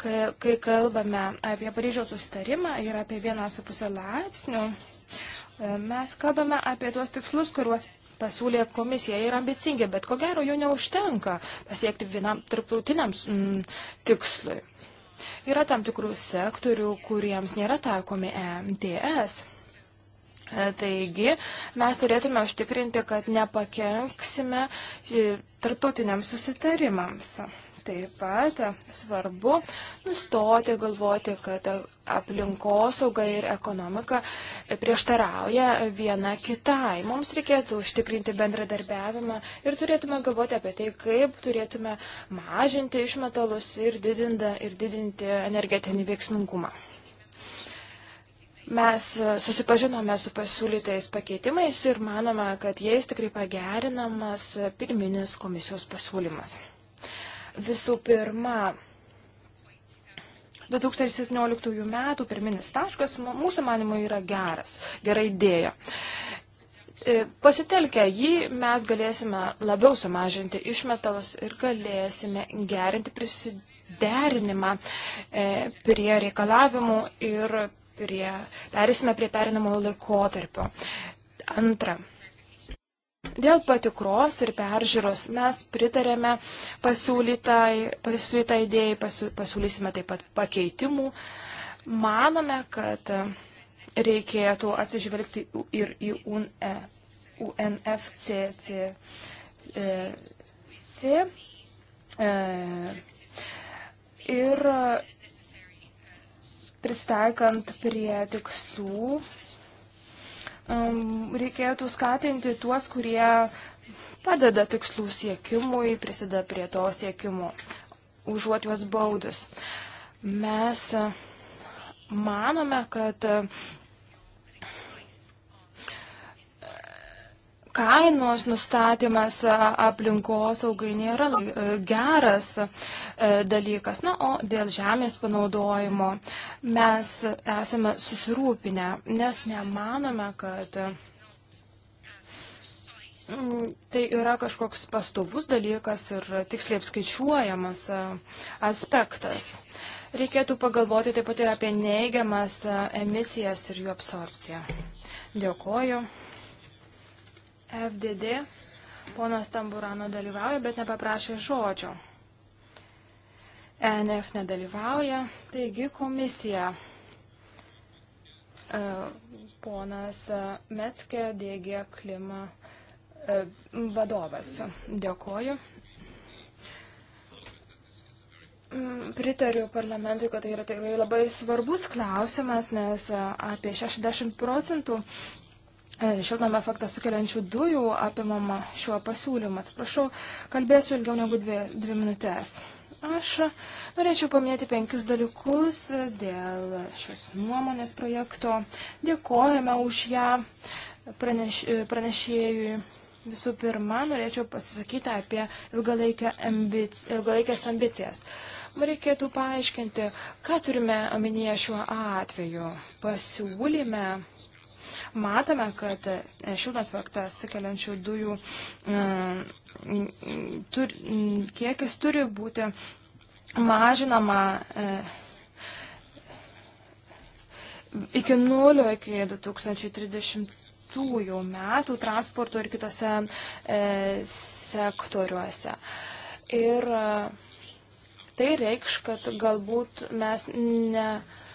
Kai, kai kalbame apie Paryžiaus sustarimą ir apie vieną su pusę laipsnių, e, mes kalbame apie tuos tikslus, kuriuos pasiūlė komisija yra ambicingi, bet ko gero jų neužtenka pasiekti vienam tarptautiniam mm, tikslui. Yra tam tikrų sektorių, kuriems nėra taikomi EMTS. E, taigi, mes turėtume užtikrinti, kad nepakenksime e, tarptautiniams susitarimams. Taip pat svarbu nustoti galvoti, kad aplinkosauga ir ekonomika prieštarauja viena kitai. Mums reikėtų užtikrinti bendradarbiavimą ir turėtume galvoti apie tai, kaip turėtume mažinti išmetalus ir, didinda, ir didinti energetinį veiksmingumą. Mes susipažinome su pasiūlytais pakeitimais ir manome, kad jais tikrai pagerinamas pirminis komisijos pasiūlymas. Visų pirma, 2017 metų pirminis taškas mūsų manimo yra geras, gera idėja. E, pasitelkę jį mes galėsime labiau sumažinti išmetalus ir galėsime gerinti prisiderinimą e, prie reikalavimų ir prie, perėsime prie perinamojo laikotarpio. Antra, Dėl patikros ir peržiūros mes pritarėme pasiūlytai, pasiūlytai idėjai, pasiūlysime taip pat pakeitimų. Manome, kad reikėtų atsižvelgti ir į UNFCCC. E, ir pristaikant prie tikslų reikėtų skatinti tuos, kurie padeda tikslų siekimui, prisideda prie to siekimo, užuot juos baudus. Mes manome, kad kainos nustatymas aplinkosaugai nėra e, geras e, dalykas. Na, o dėl žemės panaudojimo mes esame susirūpinę, nes nemanome, kad tai yra kažkoks pastovus dalykas ir tiksliai apskaičiuojamas e, aspektas. Reikėtų pagalvoti taip pat ir apie neigiamas emisijas ir jų absorpciją. Dėkoju. FDD ponas Tamburano dalyvauja, bet nepaprašė žodžio. ENF nedalyvauja, taigi komisija. E, ponas e, Metskė dėgė klima e, vadovas. Dėkoju. Mm, pritariu parlamentui, kad tai yra tikrai labai svarbus klausimas, nes apie 60 procentų E, šiltnamio efektą sukeliančių dujų apimama šiuo pasiūlymu. Atsiprašau, kalbėsiu ilgiau negu dvi, dvi minutės. Aš norėčiau paminėti penkis dalykus dėl šios nuomonės projekto. Dėkojame už ją praneš, e, pranešėjui. Visų pirma, norėčiau pasisakyti apie ilgalaikę ambic, ilgalaikės ambicijas. Reikėtų paaiškinti, ką turime omenyje šiuo atveju. Pasiūlyme Matome, kad šildo efektą sukeliančių dujų e, tur, kiekis turi būti mažinama e, iki nulio, iki 2030 metų transporto ir kitose e, sektoriuose. Ir e, tai reikš, kad galbūt mes ne, e,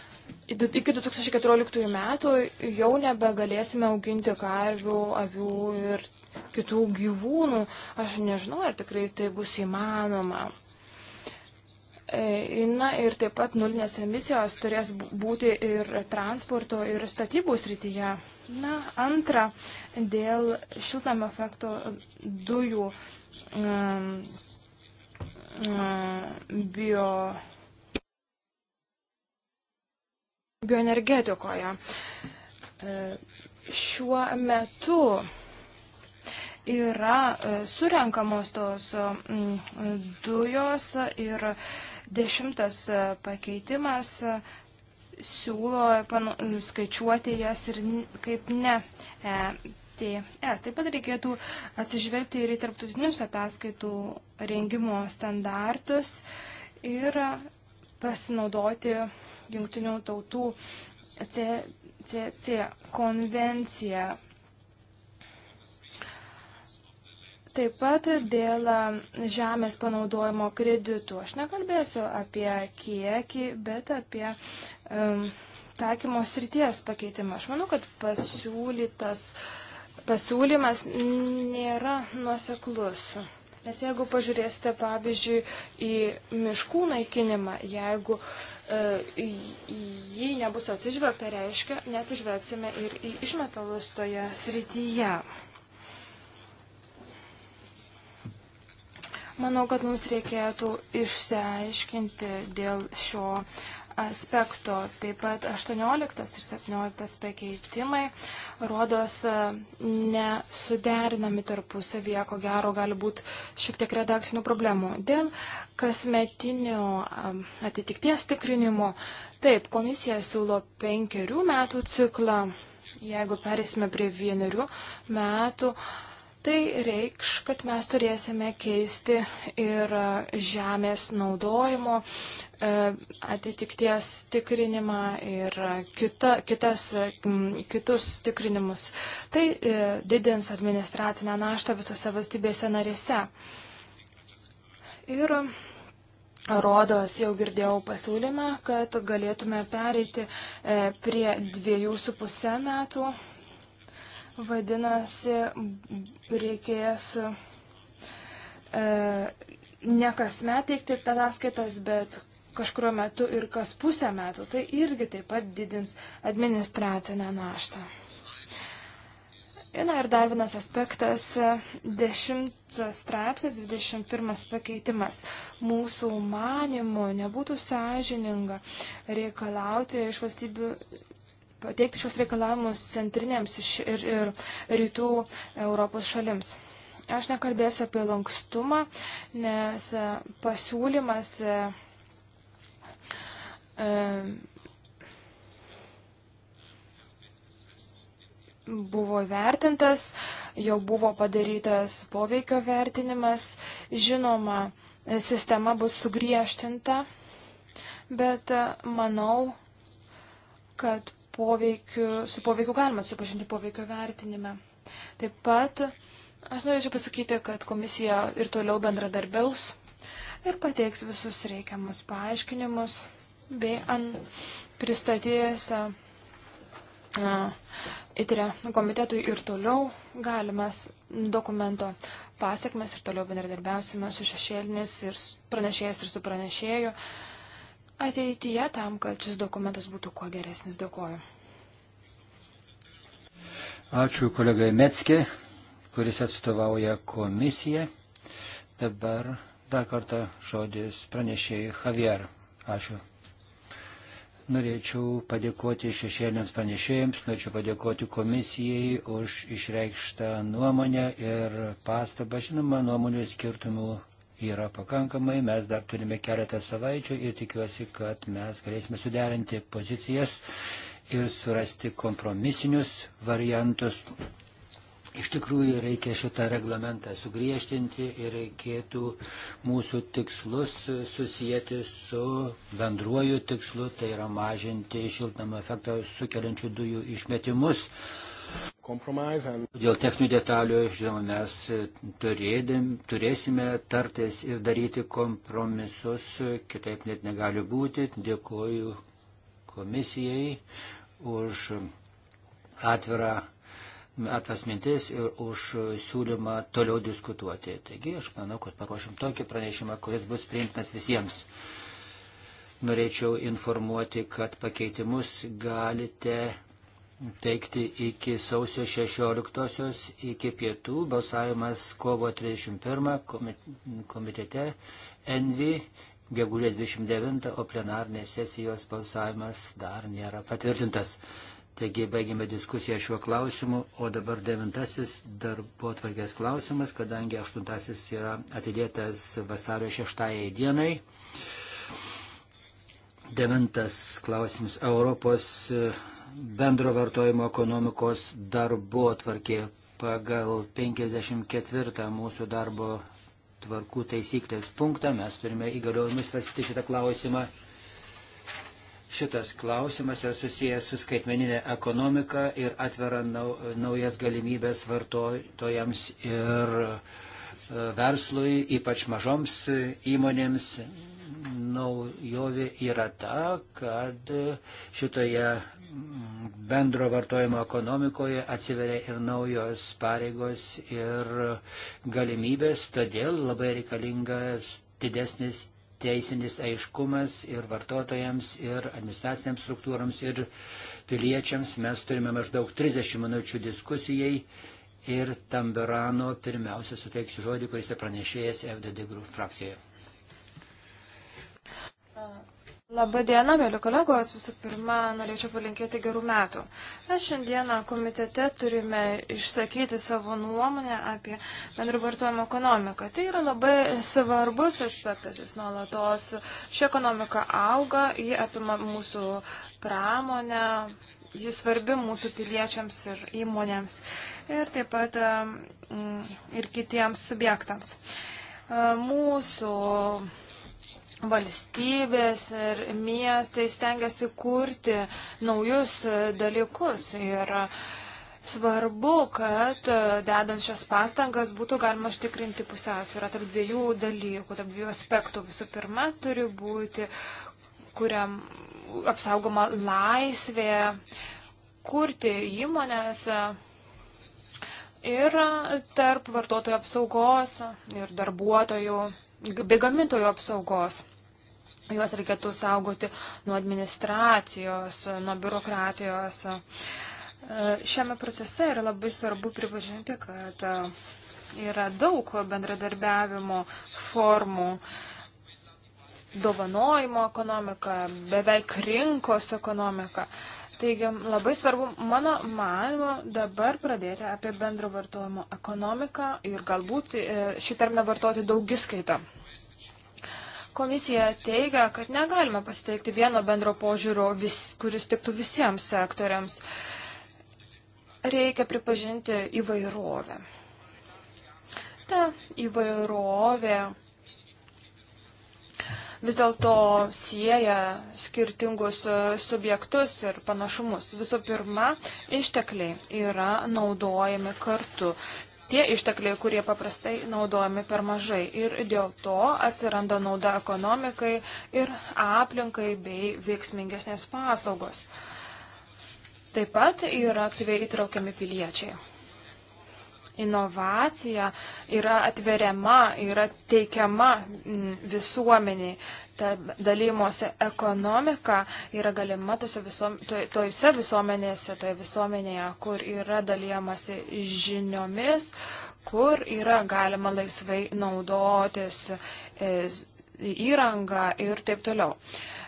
iki 2014 metų jau nebegalėsime auginti karvių, avių ir kitų gyvūnų. Aš nežinau, ar tikrai tai bus įmanoma. E, na ir taip pat nulinės emisijos turės būti ir transporto, ir statybų srityje. Na, antra, dėl šiltnamio efekto dujų um, um, bio bioenergetikoje. E, šiuo metu yra e, surenkamos tos e, dujos ir dešimtas pakeitimas siūlo panu, skaičiuoti jas ir kaip ne. E, TS. Taip pat reikėtų atsižvelgti ir į tarptautinius ataskaitų rengimo standartus ir pasinaudoti jungtinių tautų CCC konvenciją. Taip pat dėl žemės panaudojimo kreditų. Aš nekalbėsiu apie kiekį, bet apie um, taikymo srities pakeitimą. Aš manau, kad pasiūlytas, pasiūlymas nėra nuseklus. Nes jeigu pažiūrėsite, pavyzdžiui, į miškų naikinimą, jeigu E, jį nebus atsižvelgta, reiškia, neatsižvelgsime ir į išmetalus toje srityje. Manau, kad mums reikėtų išsiaiškinti dėl šio uh, aspekto. Taip pat 18 ir 17 pakeitimai rodos e, nesuderinami tarpusavyje, ko gero gali būti šiek tiek redakcinių problemų. Dėl kasmetinio atitikties tikrinimo, taip, komisija siūlo penkerių metų ciklą, jeigu perėsime prie vienerių metų. Uh, Tai reikš, kad mes turėsime keisti ir e, žemės naudojimo e, atitikties tikrinimą ir e, kita, kitas, kitus tikrinimus. Tai didins administracinę naštą visose valstybėse narėse. Ir Rodos jau girdėjau pasiūlymą, kad galėtume pereiti prie dviejų su pusę metų Vadinasi, reikės e, ne kasmet teikti ataskaitas, bet kažkurio metu ir kas pusę metų. Tai irgi taip pat didins administracinę naštą. Na ir dar vienas aspektas, 10 e, straipsnis, 21 pakeitimas. Mūsų manimo nebūtų sąžininga reikalauti iš valstybių pateikti šios reikalavimus centrinėms ir, ir rytų Europos šalims. Aš nekalbėsiu apie lankstumą, nes e, pasiūlymas e, e, buvo vertintas, jau buvo padarytas poveikio vertinimas, žinoma, sistema bus sugriežtinta, bet manau, kad poveikiu, su poveikiu galima supažinti poveikio vertinime. Taip pat aš norėčiau pasakyti, kad komisija ir toliau bendradarbiaus ir pateiks visus reikiamus paaiškinimus bei ant pristatėjęs įtirė komitetui ir toliau galimas dokumento pasiekmes ir toliau bendradarbiausime su šešėlinis ir pranešėjas ir su pranešėju. Uh, ateityje tam, kad šis dokumentas būtų kuo geresnis. Dėkoju. Ačiū kolegai Metskė, kuris atstovauja komisiją. Dabar dar kartą žodis pranešėjai Javier. Ačiū. Norėčiau padėkoti šešėliams pranešėjams, norėčiau padėkoti komisijai už išreikštą nuomonę ir pastabą. Žinoma, nuomonių skirtumų yra pakankamai, mes dar turime keletą savaičių ir tikiuosi, kad mes galėsime suderinti pozicijas ir surasti kompromisinius variantus. Iš tikrųjų reikia šitą reglamentą sugriežtinti ir reikėtų mūsų tikslus susijęti su bendruoju tikslu, tai yra mažinti šiltnamą efektą sukeliančių dujų išmetimus. Dėl techninių detalių, žinoma, mes turėdėm, turėsime tartis ir daryti kompromisus, kitaip net negali būti. Dėkoju komisijai už atvirą, atviras mintis ir už siūlymą toliau diskutuoti. Taigi aš manau, kad paruošim tokį pranešimą, kuris bus priimtinas visiems. Norėčiau informuoti, kad pakeitimus galite teikti iki sausio 16-osios, iki pietų, balsavimas kovo 31 komitete, Envi gegužės 29, o plenarnės sesijos balsavimas dar nėra patvirtintas. Taigi baigėme diskusiją šiuo klausimu, o dabar devintasis darbo tvarkės klausimas, kadangi aštuntasis yra atidėtas vasario šeštajai dienai. Devintas klausimas Europos bendro vartojimo ekonomikos darbo atvarkė pagal 54 mūsų darbo tvarkų taisyklės punktą. Mes turime įgaliojimus svarstyti šitą klausimą. Šitas klausimas yra susijęs su skaitmeninė ekonomika ir atvera naujas galimybės vartotojams ir e, verslui, ypač mažoms įmonėms. Naujovė yra ta, kad šitoje bendro vartojimo ekonomikoje atsiveria ir naujos pareigos ir galimybės, todėl labai reikalingas didesnis teisinis aiškumas ir vartotojams, ir administraciniams struktūrams, ir piliečiams. Mes turime maždaug 30 minučių diskusijai ir Tamberano pirmiausia suteiksiu žodį, kuris yra pranešėjęs FDD Group frakcijoje. Labą dieną, mėly kolegos. Visų pirma, norėčiau palinkėti gerų metų. Mes šiandieną komitete turime išsakyti savo nuomonę apie bendrų vartojimo ekonomiką. Tai yra labai svarbus aspektas. Jis nuolatos ši ekonomika auga, ji apima mūsų pramonę, ji svarbi mūsų piliečiams ir įmonėms ir taip pat mm, ir kitiems subjektams. Mūsų valstybės ir miestai stengiasi kurti naujus dalykus. Ir svarbu, kad e, dedant šias pastangas būtų galima užtikrinti pusiausvyrą tarp dviejų dalykų, tarp dviejų aspektų. Visų pirma, turi būti kuriam apsaugoma laisvė kurti įmonės e, ir tarp vartotojų apsaugos ir darbuotojų bei gamintojų apsaugos. Juos reikėtų saugoti nuo administracijos, nuo biurokratijos. E, šiame procese yra labai svarbu pripažinti, kad e, yra daug bendradarbiavimo formų. Dovanojimo ekonomika, beveik rinkos ekonomika. Taigi labai svarbu, mano manimo, dabar pradėti apie bendro vartojimo ekonomiką ir galbūt e, šį terminą vartoti daugiskaitą. Komisija teigia, kad negalima pasiteikti vieno bendro požiūrio, vis, kuris tiktų visiems sektoriams. Reikia pripažinti įvairovę. Ta įvairovė vis dėlto sieja skirtingus e, subjektus ir panašumus. Visų pirma, ištekliai yra naudojami kartu tie ištekliai, kurie paprastai naudojami per mažai. Ir dėl to atsiranda nauda ekonomikai ir aplinkai bei veiksmingesnės paslaugos. Taip pat yra aktyviai įtraukiami piliečiai inovacija yra atveriama, yra teikiama mm, visuomeniai. Ta dalymosi ekonomika yra galima tose visom, to, toje visuomenėse, toje visuomenėje, kur yra dalyjamasi žiniomis, kur yra galima laisvai naudotis e, įrangą ir taip toliau. E,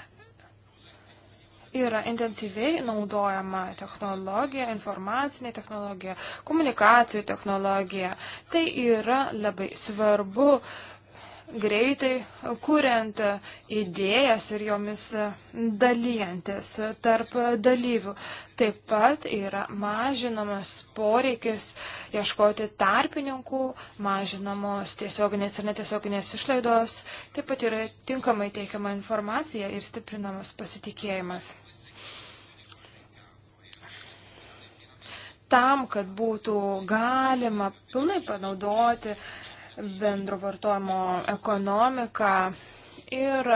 yra intensyviai naudojama technologija, informacinė technologija, komunikacijų technologija. Tai yra labai svarbu greitai kuriant idėjas ir jomis dalyjantis tarp dalyvių. Taip pat yra mažinamas poreikis ieškoti tarpininkų, mažinamos tiesioginės ir netiesioginės išlaidos, taip pat yra tinkamai teikiama informacija ir stiprinamas pasitikėjimas. tam, kad būtų galima pilnai panaudoti bendro vartojimo ekonomiką ir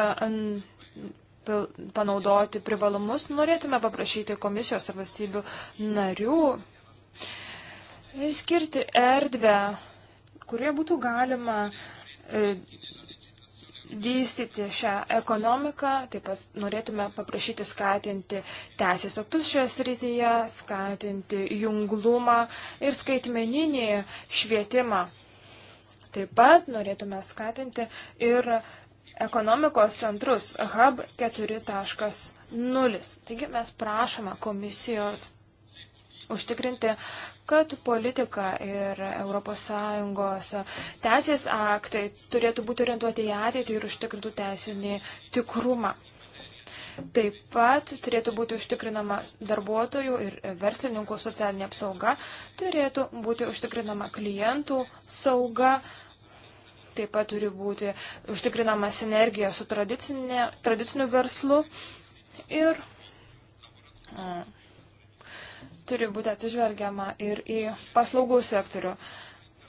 panaudoti privalumus, norėtume paprašyti komisijos ar valstybių narių skirti erdvę, kurioje būtų galima e, vystyti šią ekonomiką, taip pat norėtume paprašyti skatinti teisės aktus šioje srityje, skatinti junglumą ir skaitmeninį švietimą. Taip pat norėtume skatinti ir ekonomikos centrus Hub 4.0. Taigi mes prašome komisijos užtikrinti, kad politika ir ES teisės aktai turėtų būti orientuoti į ateitį ir užtikrintų teisinį tikrumą. Taip pat turėtų būti užtikrinama darbuotojų ir verslininkų socialinė apsauga, turėtų būti užtikrinama klientų sauga, taip pat turi būti užtikrinama sinergija su tradiciniu verslu ir mm, turi būti atsižvelgiama ir į paslaugų sektorių.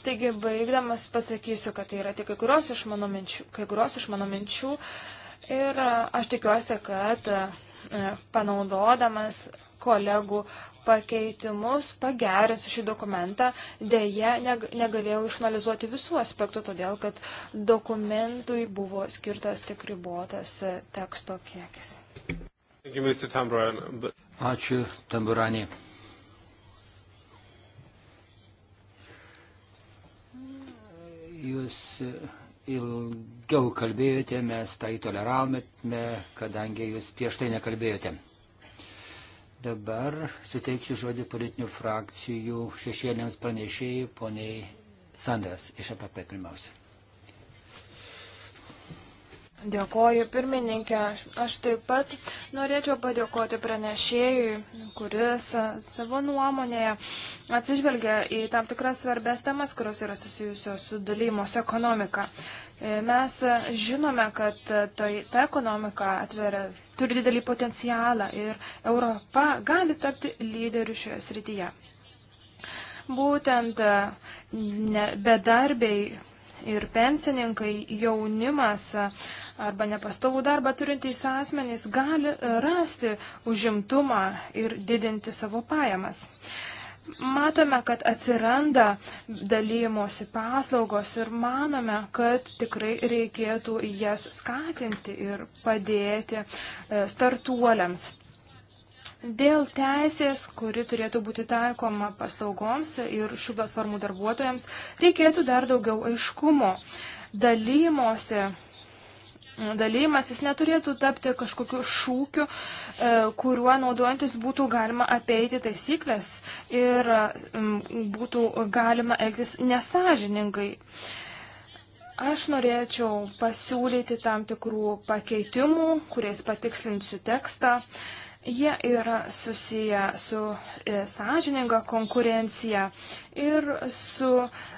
Taigi, baigdamas pasakysiu, kad tai yra tik kai kurios iš mano minčių, kai kurios iš mano minčių uh, Ir e, aš tikiuosi, kad e, panaudodamas kolegų pakeitimus pagerinsiu šį dokumentą. Deja, negalėjau išanalizuoti visų aspektų, todėl kad dokumentui buvo skirtas tik ribotas e, teksto kiekis. Ačiū, Tamburanė. Jūs. Uh ilgiau kalbėjote, mes tai toleravome, kadangi jūs prieš tai nekalbėjote. Dabar suteiksiu žodį politinių frakcijų šešėliams pranešėjai poniai Sanders iš APP pirmiausia. Dėkoju pirmininkė. Aš taip pat norėčiau padėkoti pranešėjui, kuris savo nuomonėje atsižvelgia į tam tikras svarbės temas, kurios yra susijusios su dalymos ekonomika. E, mes žinome, kad to, tai, ta ekonomika atveria, turi didelį potencialą ir Europa gali tapti lyderiu šioje srityje. Būtent e, ne, bedarbiai ir pensininkai, jaunimas arba nepastovų darbą turintys asmenys gali e, rasti užimtumą ir didinti savo pajamas. Matome, kad atsiranda dalymosi paslaugos ir manome, kad tikrai reikėtų jas skatinti ir padėti e, startuoliams. Dėl teisės, kuri turėtų būti taikoma paslaugoms ir šių platformų darbuotojams, reikėtų dar daugiau aiškumo. Dalymosi dalymas, jis neturėtų tapti kažkokiu šūkiu, e, kuriuo naudojantis būtų galima apeiti taisyklės ir būtų galima elgtis nesažiningai. Aš norėčiau pasiūlyti tam tikrų pakeitimų, kuriais patikslinsiu tekstą. Jie yra susiję su e, sąžininga konkurencija ir su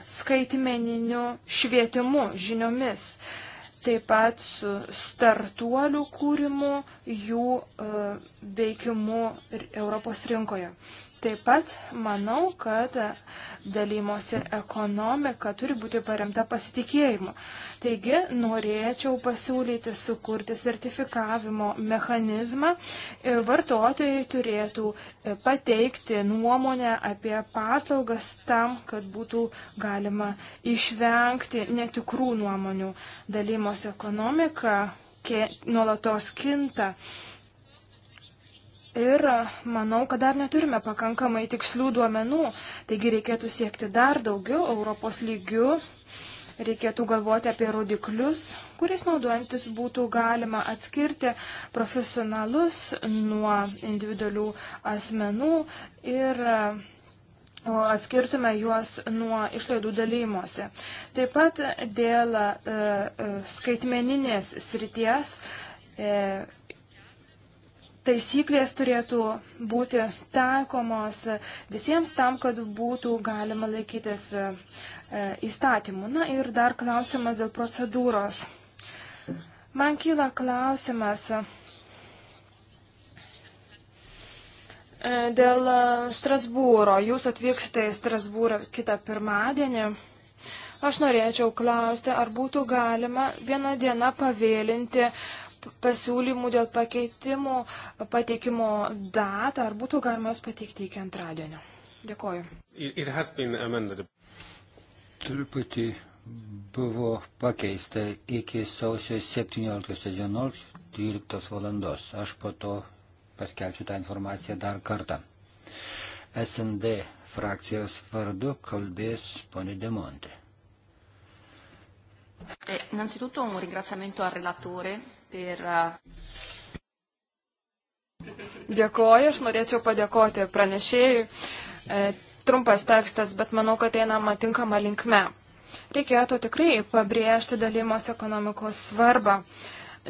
skaitmeniniu švietimu žiniomis. E, taip pat su startuolių kūrimu, jų e, veikimu Europos rinkoje. Taip pat manau, kad dalymosi ekonomika turi būti paremta pasitikėjimu. Taigi norėčiau pasiūlyti sukurti sertifikavimo mechanizmą. E, vartotojai turėtų e, pateikti nuomonę apie paslaugas tam, kad būtų galima išvengti netikrų nuomonių. Dalymosi ekonomika nuolatos kinta Ir manau, kad dar neturime pakankamai tikslių duomenų, taigi reikėtų siekti dar daugiau Europos lygių, reikėtų galvoti apie rodiklius, kuriais naudojantis būtų galima atskirti profesionalus nuo individualių asmenų ir atskirtume juos nuo išlaidų dalymosi. Taip pat dėl e, skaitmeninės srities. E, taisyklės turėtų būti taikomos visiems tam, kad būtų galima laikytis e, įstatymų. Na ir dar klausimas dėl procedūros. Man kyla klausimas e, dėl e, Strasbūro. Jūs atvyksite į Strasbūrą kitą pirmadienį. Aš norėčiau klausti, ar būtų galima vieną dieną pavėlinti uh, pasiūlymų dėl pakeitimų pateikimo datą, ar būtų galima jas pateikti iki antradienio. Dėkoju. Truputį buvo pakeista iki sausio 17 dienos 12 valandos. Aš po to paskelbsiu tą informaciją dar kartą. SND frakcijos vardu kalbės ponė Demonte. E, innanzitutto un ringraziamento al relatore Tai yra. Dėkoju, aš norėčiau padėkoti pranešėjui. E, trumpas tekstas, bet manau, kad einama tinkama linkme. Reikėtų tikrai pabrėžti dalymos ekonomikos svarbą,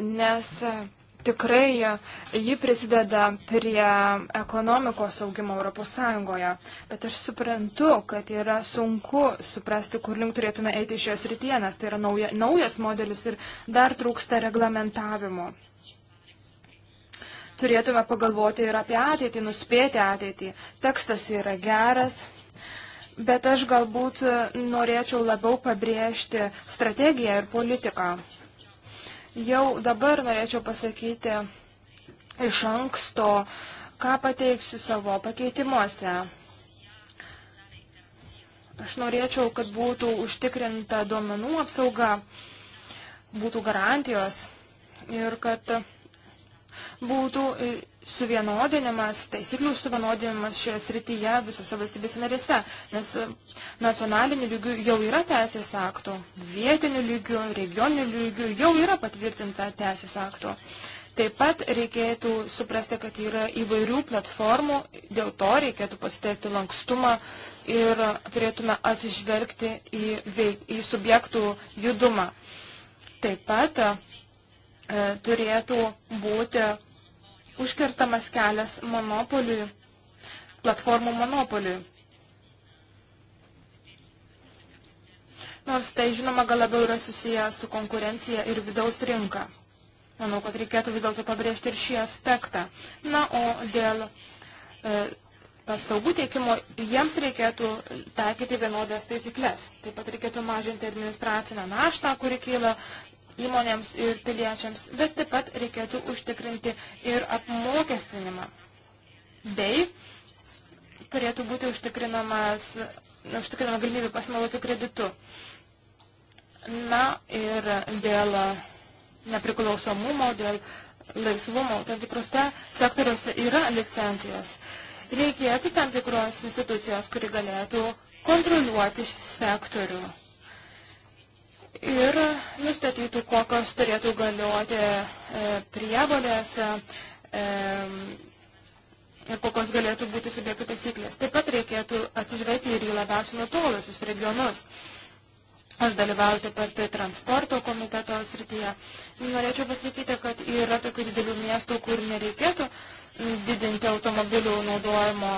nes e, tikrai ji prisideda prie ekonomikos augimo ES, bet aš suprantu, kad yra sunku suprasti, kur link turėtume eiti šioje srityje, nes tai yra nauja, naujas modelis ir dar trūksta reglamentavimo. Turėtume pagalvoti ir apie ateitį, nuspėti ateitį. Tekstas yra geras. Bet aš galbūt norėčiau labiau pabrėžti strategiją ir politiką. Jau dabar norėčiau pasakyti iš anksto, ką pateiksiu savo pakeitimuose. Aš norėčiau, kad būtų užtikrinta duomenų apsauga, būtų garantijos ir kad būtų suvienodinimas, taisyklių suvienodinimas šioje srityje visose valstybėse narėse, nes e, nacionaliniu lygiu jau yra teisės aktų, vietiniu lygiu, regioniniu lygiu jau yra patvirtinta teisės aktų. Taip pat reikėtų suprasti, kad yra įvairių platformų, dėl to reikėtų pasitelkti lankstumą ir turėtume atsižvelgti į, veik, į subjektų judumą. Taip pat e, turėtų būti užkertamas kelias monopoliui, platformų monopoliui. Nors tai, žinoma, gal labiau yra susiję su konkurencija ir vidaus rinka. Manau, kad reikėtų vis dėlto pabrėžti ir šį aspektą. Na, o dėl e, paslaugų teikimo jiems reikėtų taikyti vienodas taisyklės. Taip pat reikėtų mažinti administracinę naštą, kuri kyla įmonėms ir piliečiams, bet taip pat reikėtų užtikrinti ir apmokestinimą. Bei turėtų būti užtikrinamas, užtikrinama galimybė pasinaudoti kreditu. Na ir dėl nepriklausomumo, dėl laisvumo, tam tikrose sektoriuose yra licencijos. Reikėtų tam tikros institucijos, kuri galėtų kontroliuoti šį sektorių ir nustatytų, kokios turėtų galioti e, prievolės e, ir kokios galėtų būti subjektų taisyklės. Taip pat reikėtų atsižvelgti ir į labiausiai nutolusius regionus. Aš dalyvauju taip pat transporto komiteto srityje. Norėčiau pasakyti, kad yra tokių didelių miestų, kur nereikėtų uh, didinti automobilių naudojimo,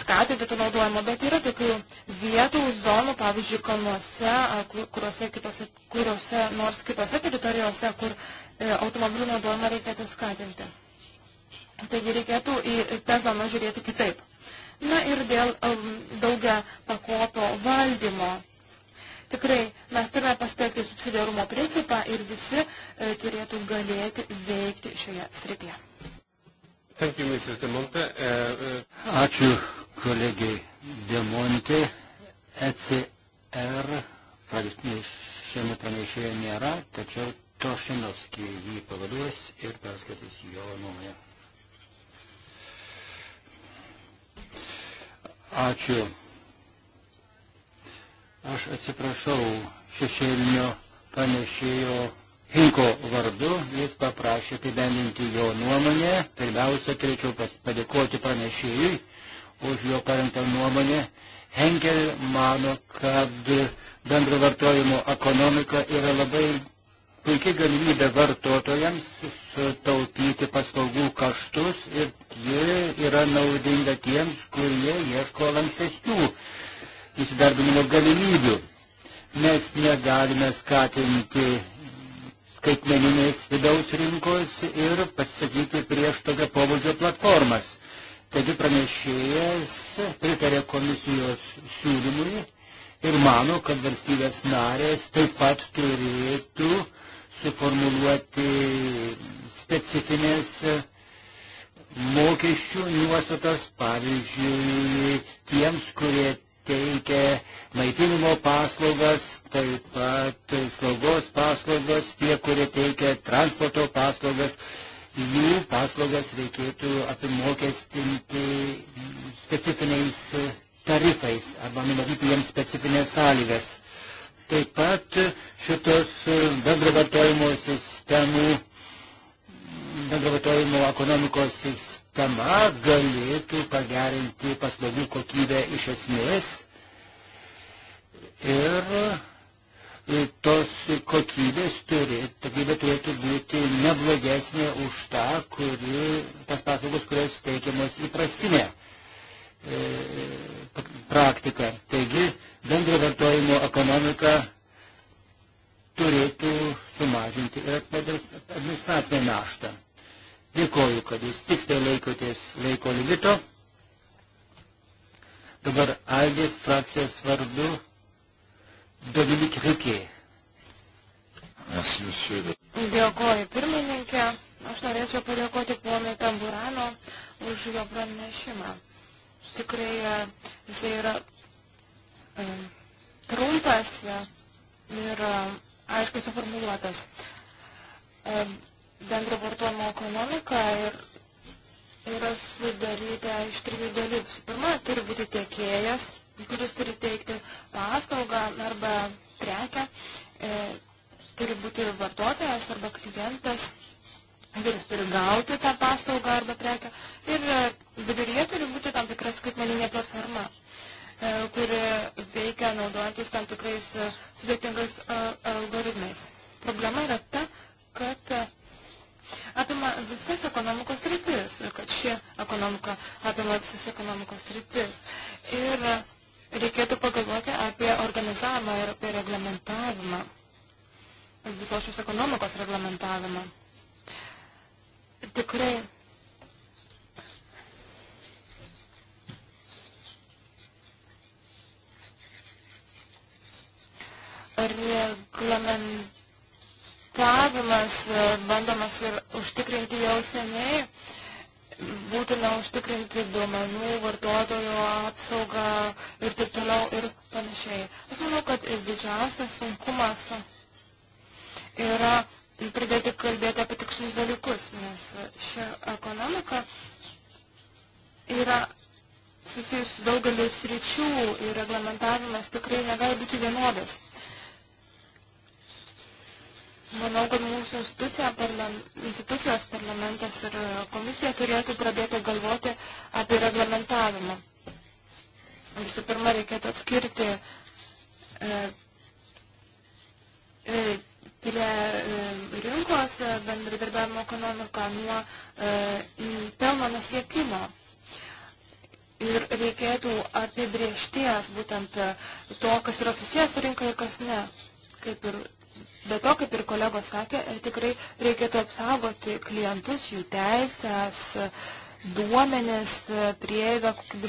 skatinti to naudojimo, bet yra tokių vietų, zonų, pavyzdžiui, kalnuose, kuriuose, kitose, kuriuose nors kitose teritorijose, kur e, automobilių naudojimą reikėtų skatinti. Taigi reikėtų į tą zoną žiūrėti kitaip. Na ir dėl um, daugia pakopo valdymo. Tikrai mes turime pasitelkti subsidiarumo principą ir visi e, turėtų galėti veikti šioje srityje. Thank you, Mrs. Demonte. Uh, uh, Ačiū kolegiai Demonte. ECR šiame pranešėje nėra, tačiau Tošinovskį jį pavaduos ir perskaitys jo nuomonę. Ačiū. Aš atsiprašau šešėlinio pranešėjo Hinko vardu, jis paprašė apibendinti jo nuomonę. Pirmiausia, turėčiau padėkoti pranešėjui už jo parengtą nuomonę. Henkel mano, kad bendro vartojimo ekonomika yra labai puikiai galimybė vartotojams sutaupyti paslaugų kaštus ir ji yra naudinga tiems, kurie ieško lankstesnių įsidarbinimo galimybių. Mes negalime skatinti skaitmeninės vidaus rinkos ir pasisakyti prieš tokio pobūdžio platformas. Taigi pranešėjas pritarė komisijos siūlymui ir mano, kad valstybės narės taip pat turėtų suformuluoti specifines mokesčių nuostatas, pavyzdžiui, tiems, kurie teikia maitinimo paslaugas, taip pat slaugos bendrovės reikėtų apimokestinti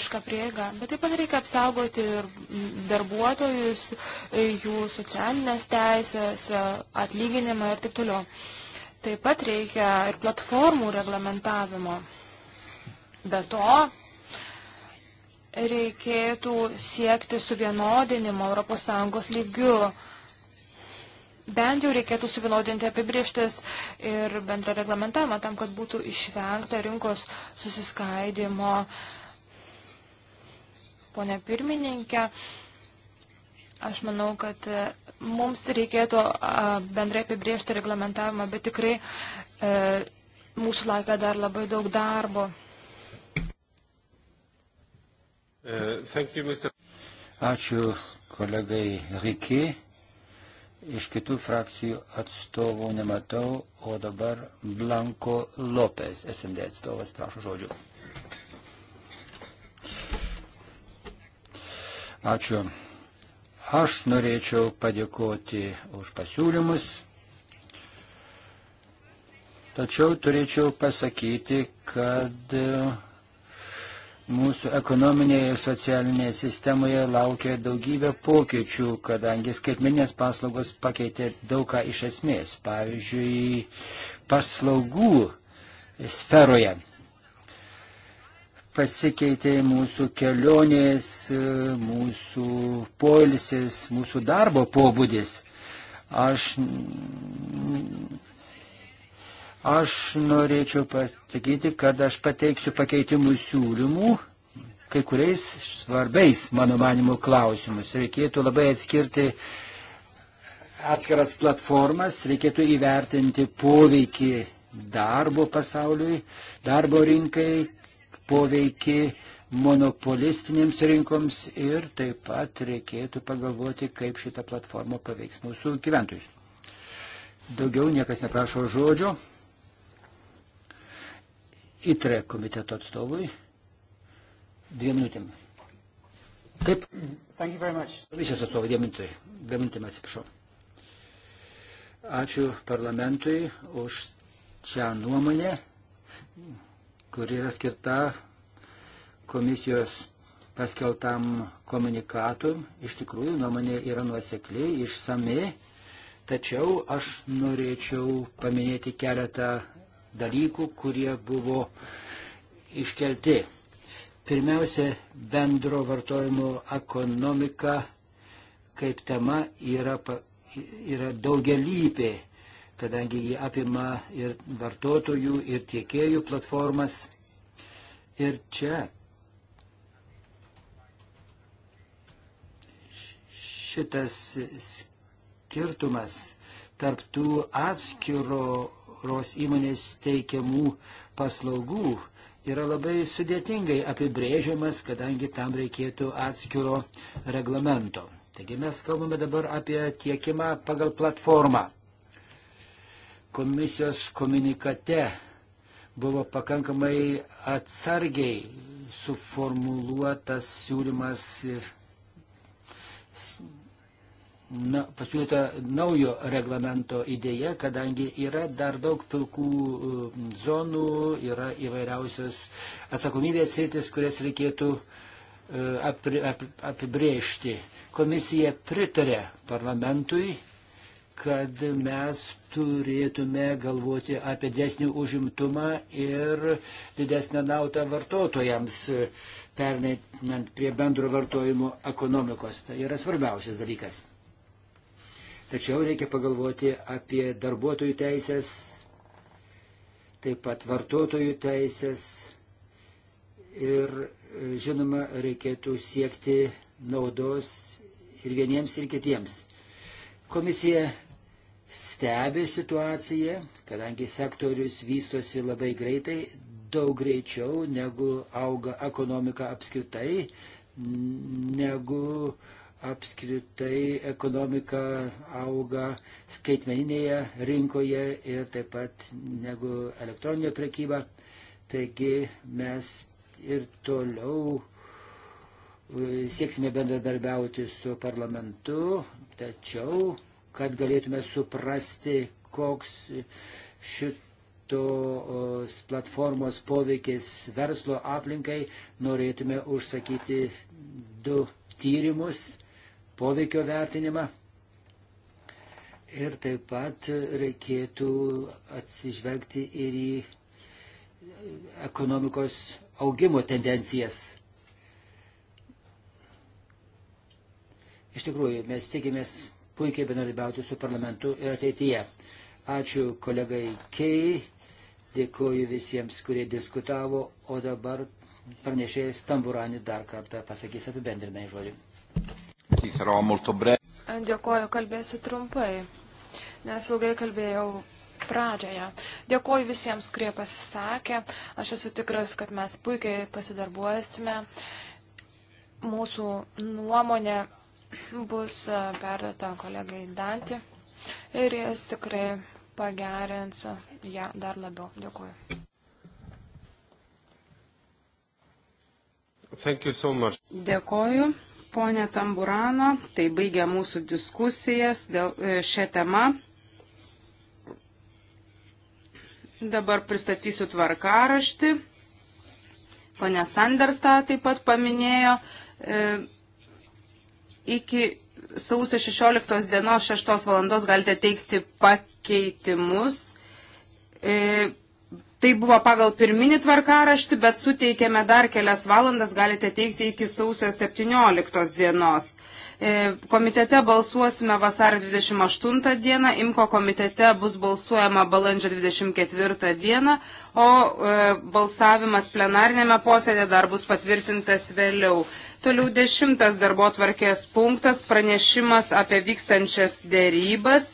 kokybišką prieigą, bet taip pat reikia apsaugoti ir darbuotojus, jų socialinės teisės, atlyginimą ir taip toliau. Taip pat reikia ir platformų reglamentavimo. Be to, reikėtų siekti suvienodinimo ES lygių. Bent jau reikėtų suvienodinti apibrieštis ir bendrą reglamentavimą tam, kad būtų išvengta rinkos susiskaidimo. Uh, ponė pirmininkė. Aš manau, kad e, mums reikėtų bendrai apibriežti reglamentavimą, bet tikrai e, mūsų laukia dar labai daug darbo. E, Ačiū kolegai Riki. Iš kitų frakcijų atstovų nematau, o dabar Blanko Lopes, SMD atstovas, prašau žodžių. Ačiū. Aš norėčiau padėkoti už pasiūlymus. Tačiau turėčiau pasakyti, kad e, mūsų ekonominėje ir socialinėje sistemoje laukia daugybė pokyčių, kadangi skaitmeninės paslaugos pakeitė daug ką iš esmės. Pavyzdžiui, paslaugų sferoje pasikeitė mūsų kelionės, mūsų poilsis, mūsų darbo pobūdis. Aš, aš norėčiau pasakyti, kad aš pateiksiu pakeitimų siūlymų kai kuriais svarbiais, mano manimo, klausimus. Reikėtų labai atskirti atskiras platformas, reikėtų įvertinti poveikį darbo pasauliui, darbo rinkai, poveikį monopolistinėms rinkoms ir taip pat reikėtų pagalvoti, kaip šita platforma paveiks mūsų gyventojus. Daugiau niekas neprašo žodžio. ITRE komiteto atstovui. Dviem minutėm. Taip. Komisijos atstovai, dviem minutėm. Dviem minutėm atsiprašau. Ačiū parlamentui už čia nuomonę kuri yra skirta komisijos paskeltam komunikatui. Iš tikrųjų, nuomonė yra nuosekli, išsami, tačiau aš norėčiau paminėti keletą dalykų, kurie buvo iškelti. Pirmiausia, bendro vartojimo ekonomika kaip tema yra, yra daugelypė kadangi jį apima ir vartotojų, ir tiekėjų platformas. Ir čia šitas skirtumas tarptų atskiros įmonės teikiamų paslaugų yra labai sudėtingai apibrėžiamas, kadangi tam reikėtų atskiro reglamento. Taigi mes kalbame dabar apie tiekimą pagal platformą. Komisijos komunikate buvo pakankamai atsargiai suformuluotas siūlymas na, pasiūlyta naujo reglamento idėja, kadangi yra dar daug pilkų um, zonų, yra įvairiausios atsakomybės sritis, kurias reikėtų uh, apibrėžti. Komisija pritarė parlamentui kad mes turėtume galvoti apie desnį užimtumą ir didesnę naudą vartotojams, perneinant prie bendro vartojimo ekonomikos. Tai yra svarbiausias dalykas. Tačiau reikia pagalvoti apie darbuotojų teisės, taip pat vartotojų teisės ir, žinoma, reikėtų siekti naudos ir vieniems, ir kitiems. Komisija stebi situaciją, kadangi sektorius vystosi labai greitai, daug greičiau negu auga ekonomika apskritai, negu apskritai ekonomika auga skaitmeninėje rinkoje ir taip pat negu elektroninė prekyba. Taigi mes ir toliau sieksime bendradarbiauti su parlamentu, tačiau, kad galėtume suprasti, koks šitos platformos poveikis verslo aplinkai, norėtume užsakyti du tyrimus, poveikio vertinimą. Ir taip pat reikėtų atsižvelgti ir į ekonomikos augimo tendencijas Iš tikrųjų, mes tikimės puikiai bendradarbiauti su parlamentu ir ateityje. Ačiū kolegai Kei, dėkoju visiems, kurie diskutavo, o dabar pranešėjas Tamburani dar kartą pasakys apibendrinai žodį. Dėkoju, kalbėsiu trumpai, nes ilgai kalbėjau pradžioje. Dėkoju visiems, kurie pasisakė. Aš esu tikras, kad mes puikiai pasidarbuosime. Mūsų nuomonė bus perduota kolegai Dantį ir jis tikrai pagerins ją ja, dar labiau. Dėkuoju. So much. Dėkoju, ponė Tamburano. Tai baigia mūsų diskusijas dėl e, šią temą. Dabar pristatysiu tvarkaraštį. Pone Sandersta taip pat paminėjo. E, Iki sausio 16 dienos 6 valandos galite teikti pakeitimus. E, Tai buvo pagal pirminį tvarkaraštį, bet suteikėme dar kelias valandas, galite teikti iki sausio 17 dienos. E, komitete balsuosime vasario 28 dieną, IMKO komitete bus balsuojama balandžio 24 dieną, o e, balsavimas plenarinėme posėdė dar bus patvirtintas vėliau. Toliau dešimtas darbo tvarkės punktas - pranešimas apie vykstančias dėrybas.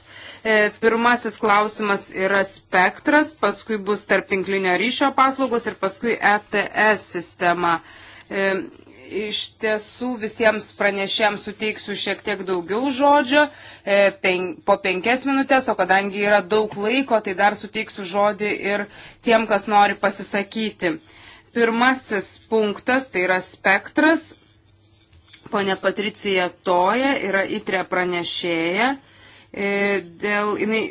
E, pirmasis klausimas yra spektras, paskui bus tarptinklinio ryšio paslaugos ir paskui ETS sistema. E, iš tiesų visiems pranešėjams suteiksiu šiek tiek daugiau žodžio, e, pen, po penkias minutės, o kadangi yra daug laiko, tai dar suteiksiu žodį ir tiem, kas nori pasisakyti. Pirmasis punktas tai yra spektras. Pone Patricija Toja yra įtrė pranešėja e, dėl, jinai,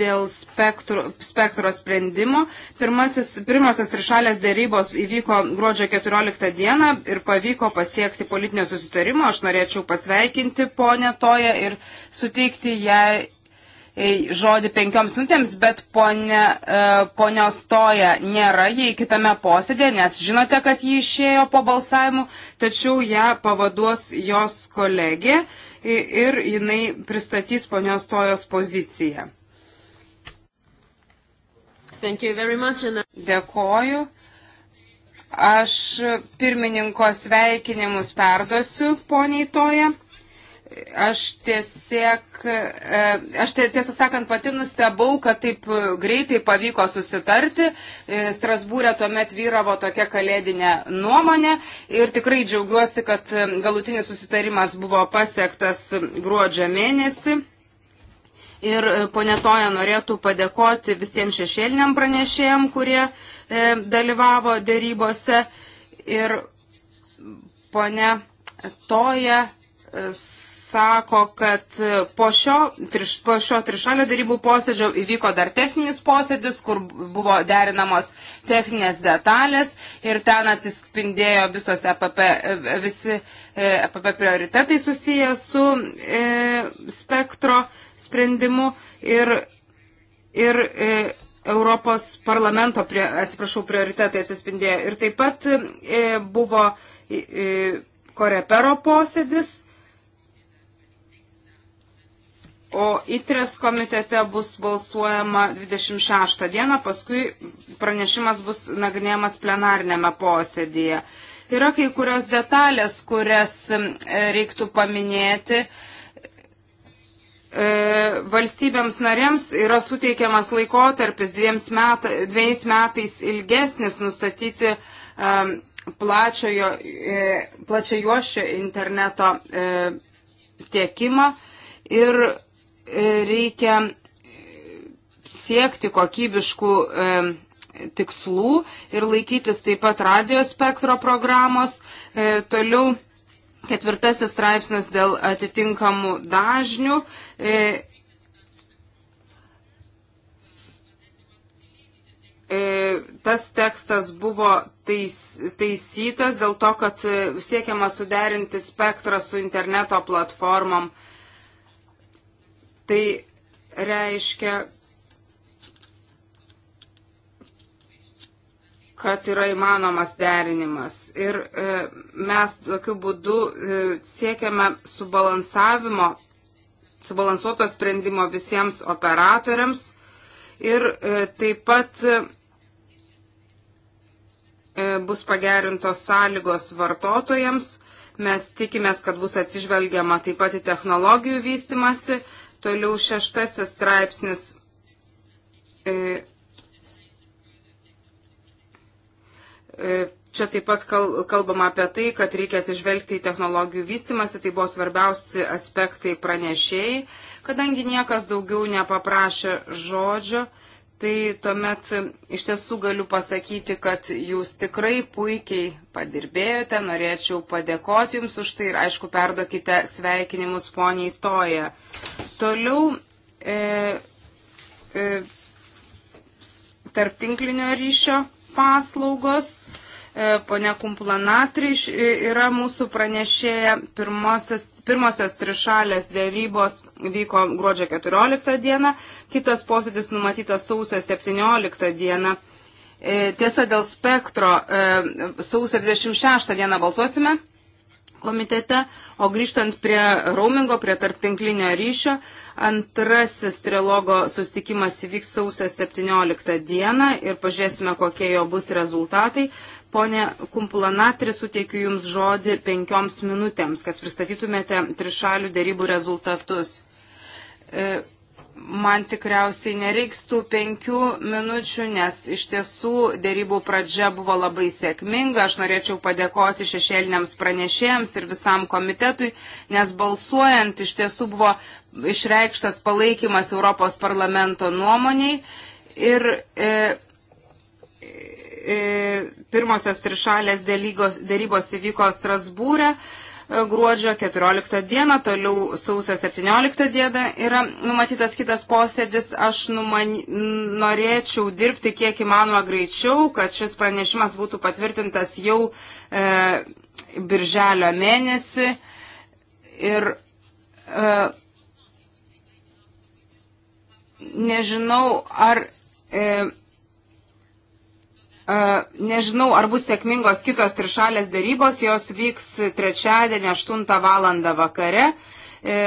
dėl spektro, spektro sprendimo. Pirmasis, pirmosios trišalės dėrybos įvyko gruodžio 14 dieną ir pavyko pasiekti politinio susitarimo. Aš norėčiau pasveikinti ponę Toją ir suteikti jai E, žodį penkioms minutėms, bet ponė, e, ponios Toja nėra, jie kitame posėdė, nes žinote, kad ji išėjo po balsavimu, tačiau ją pavaduos jos kolegė ir jinai pristatys ponios Tojos poziciją. Dėkoju. Aš pirmininko sveikinimus perdosiu poniai Toje. Aš tiesiog, e, aš tiesą sakant pati nustebau, kad taip greitai pavyko susitarti. E, Strasbūrė tuomet vyravo tokia kalėdinė nuomonė ir tikrai džiaugiuosi, kad e, galutinis susitarimas buvo pasiektas gruodžio mėnesį. Ir ponė Toja norėtų padėkoti visiems šešėliniam pranešėjam, kurie dalyvavo dėrybose. Ir ponė Toja sako, kad po šio, triš, po šio trišalio darybų posėdžio įvyko dar techninis posėdis, kur buvo derinamos techninės detalės ir ten atsispindėjo visos EPP, e, visi EPP e prioritetai susiję su e, spektro sprendimu ir, ir e, Europos parlamento, prie, atsiprašau, prioritetai atsispindėjo. Ir taip pat e, buvo. E, Korepero posėdis o ITRES komitete bus balsuojama 26 dieną, paskui pranešimas bus nagrinėjamas plenarinėme posėdėje. Yra kai kurios detalės, kurias e, reiktų paminėti. E, valstybėms narėms yra suteikiamas laikotarpis meta, dviejais metais ilgesnis nustatyti e, plačiojo, plačiojuošio interneto tiekimą ir reikia siekti kokybiškų e, tikslų ir laikytis taip pat radio spektro programos. E, toliau ketvirtasis straipsnis dėl atitinkamų dažnių. E, tas tekstas buvo tais, taisytas dėl to, kad siekiama suderinti spektrą su interneto platformom. Tai reiškia, kad yra įmanomas derinimas. Ir e, mes tokiu būdu e, siekiame subalansavimo, subalansuoto sprendimo visiems operatoriams. Ir e, taip pat e, bus pagerintos sąlygos vartotojams. Mes tikimės, kad bus atsižvelgiama taip pat į technologijų vystimasi. Toliau šeštasis straipsnis. E, e, čia taip pat kalbama apie tai, kad reikia atsižvelgti į technologijų vystimąsi, tai buvo svarbiausi aspektai pranešėjai. Kadangi niekas daugiau nepaprašė žodžio, tai tuomet iš tiesų galiu pasakyti, kad jūs tikrai puikiai padirbėjote, norėčiau padėkoti jums už tai ir aišku perdokite sveikinimus poniai Toje. Toliau e, e, tarptinklinio ryšio paslaugos. E, pone Kumplanatriš e, yra mūsų pranešėja. Pirmosios, pirmosios trišalės dėrybos vyko gruodžio 14 dieną, kitas posėdis numatytas sausio 17 dieną. E, tiesa, dėl spektro e, sausio 26 dieną balsuosime komitete. O grįžtant prie roamingo, prie tarptinklinio ryšio, antrasis trilogo sustikimas įvyks sausio 17 dieną ir pažiūrėsime, kokie jo bus rezultatai. Pone Kumpulanatri, suteikiu Jums žodį penkioms minutėms, kad pristatytumėte trišalių dėrybų rezultatus. E, man tikriausiai nereiks tų penkių minučių, nes iš tiesų dėrybų pradžia buvo labai sėkminga. Aš norėčiau padėkoti šešėliniams pranešėjams ir visam komitetui, nes balsuojant iš tiesų buvo išreikštas palaikymas Europos parlamento nuomoniai. Ir e, e, e pirmosios trišalės dėrybos įvyko Strasbūrė. E, gruodžio 14 dieną, toliau sausio 17 dieną yra numatytas kitas posėdis. Aš numan... norėčiau dirbti kiek įmanoma greičiau, kad šis pranešimas būtų patvirtintas jau e, birželio mėnesį. Ir e, nežinau, ar. E, Nežinau, ar bus sėkmingos kitos trišalės darybos, jos vyks trečiadienį 8 val. vakare. E,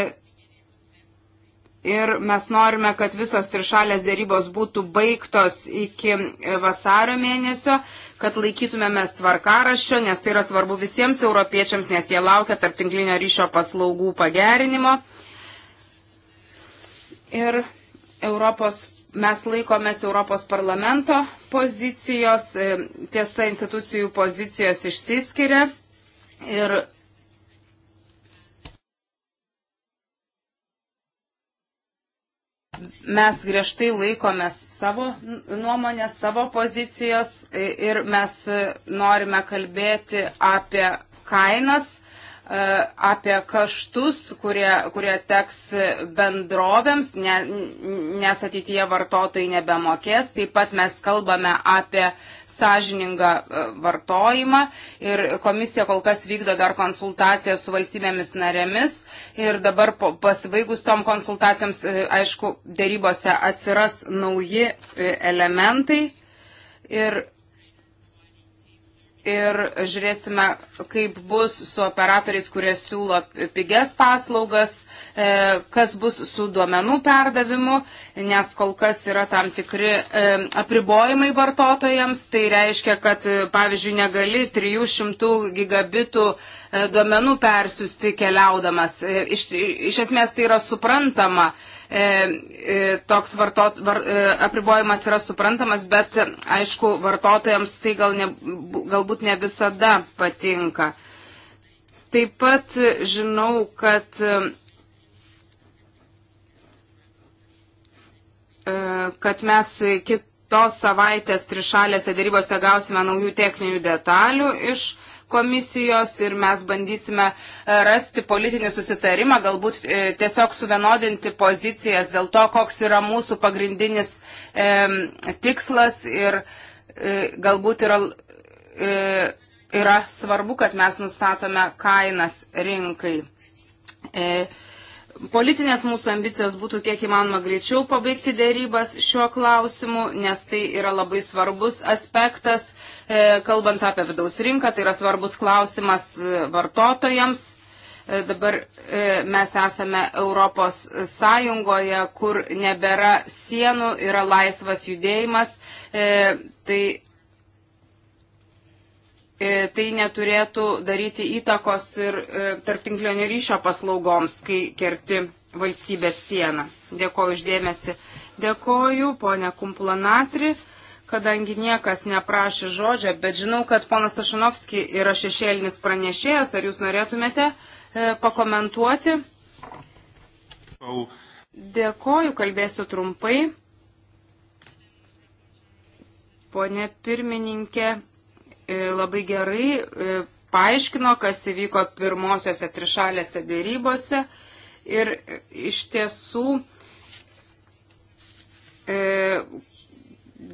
ir mes norime, kad visos trišalės darybos būtų baigtos iki vasario mėnesio, kad laikytumėmės tvarkaraščio, nes tai yra svarbu visiems europiečiams, nes jie laukia tarptinklinio ryšio paslaugų pagerinimo. Ir Europos mes laikomės Europos parlamento pozicijos, e, tiesa institucijų pozicijos išsiskiria ir mes griežtai laikomės savo nuomonės, savo pozicijos ir mes norime kalbėti apie kainas E, apie kaštus, kurie, kurie teks bendrovėms, ne, nes ateityje vartotojai nebemokės. Taip pat mes kalbame apie sąžiningą e, vartojimą ir komisija kol kas vykdo dar konsultaciją su valstybėmis narėmis ir dabar pasibaigus tom konsultacijoms, e, aišku, dėrybose atsiras nauji elementai ir ir žiūrėsime, kaip bus su operatoriais, kurie siūlo pigias paslaugas, e, kas bus su duomenų perdavimu, nes kol kas yra tam tikri e, apribojimai vartotojams. Tai reiškia, kad e, pavyzdžiui negali 300 gigabitų duomenų persiųsti keliaudamas. Iš, iš esmės tai yra suprantama e, e, toks vartot, var, e, apribojimas yra suprantamas, bet aišku, vartotojams tai gal ne, galbūt ne visada patinka. Taip pat žinau, kad e, kad mes kitos savaitės trišalėse darybose gausime naujų techninių detalių iš komisijos ir mes bandysime e, rasti politinį susitarimą, galbūt e, tiesiog suvienodinti pozicijas dėl to, koks yra mūsų pagrindinis e, tikslas ir e, galbūt yra, e, yra svarbu, kad mes nustatome kainas rinkai. E, politinės mūsų ambicijos būtų kiek įmanoma greičiau pabaigti dėrybas šiuo klausimu, nes tai yra labai svarbus aspektas, e, kalbant apie vidaus rinką, tai yra svarbus klausimas e, vartotojams. E, dabar mes esame Europos Sąjungoje, kur nebėra sienų, yra laisvas judėjimas. Tai E, tai neturėtų daryti įtakos ir e, tarptinklinio ryšio paslaugoms, kai kerti valstybės sieną. Dėkoju uždėmesi. Dėkoju, ponė Kumplanatri, kadangi niekas neprašė žodžio, bet žinau, kad ponas Tašanovski yra šešėlinis pranešėjas. Ar jūs norėtumėte e, pakomentuoti? Dėkoju, kalbėsiu trumpai. Pone pirmininkė, E, labai gerai e, paaiškino, kas įvyko pirmosiose trišalėse dėrybose. Ir e, iš tiesų e,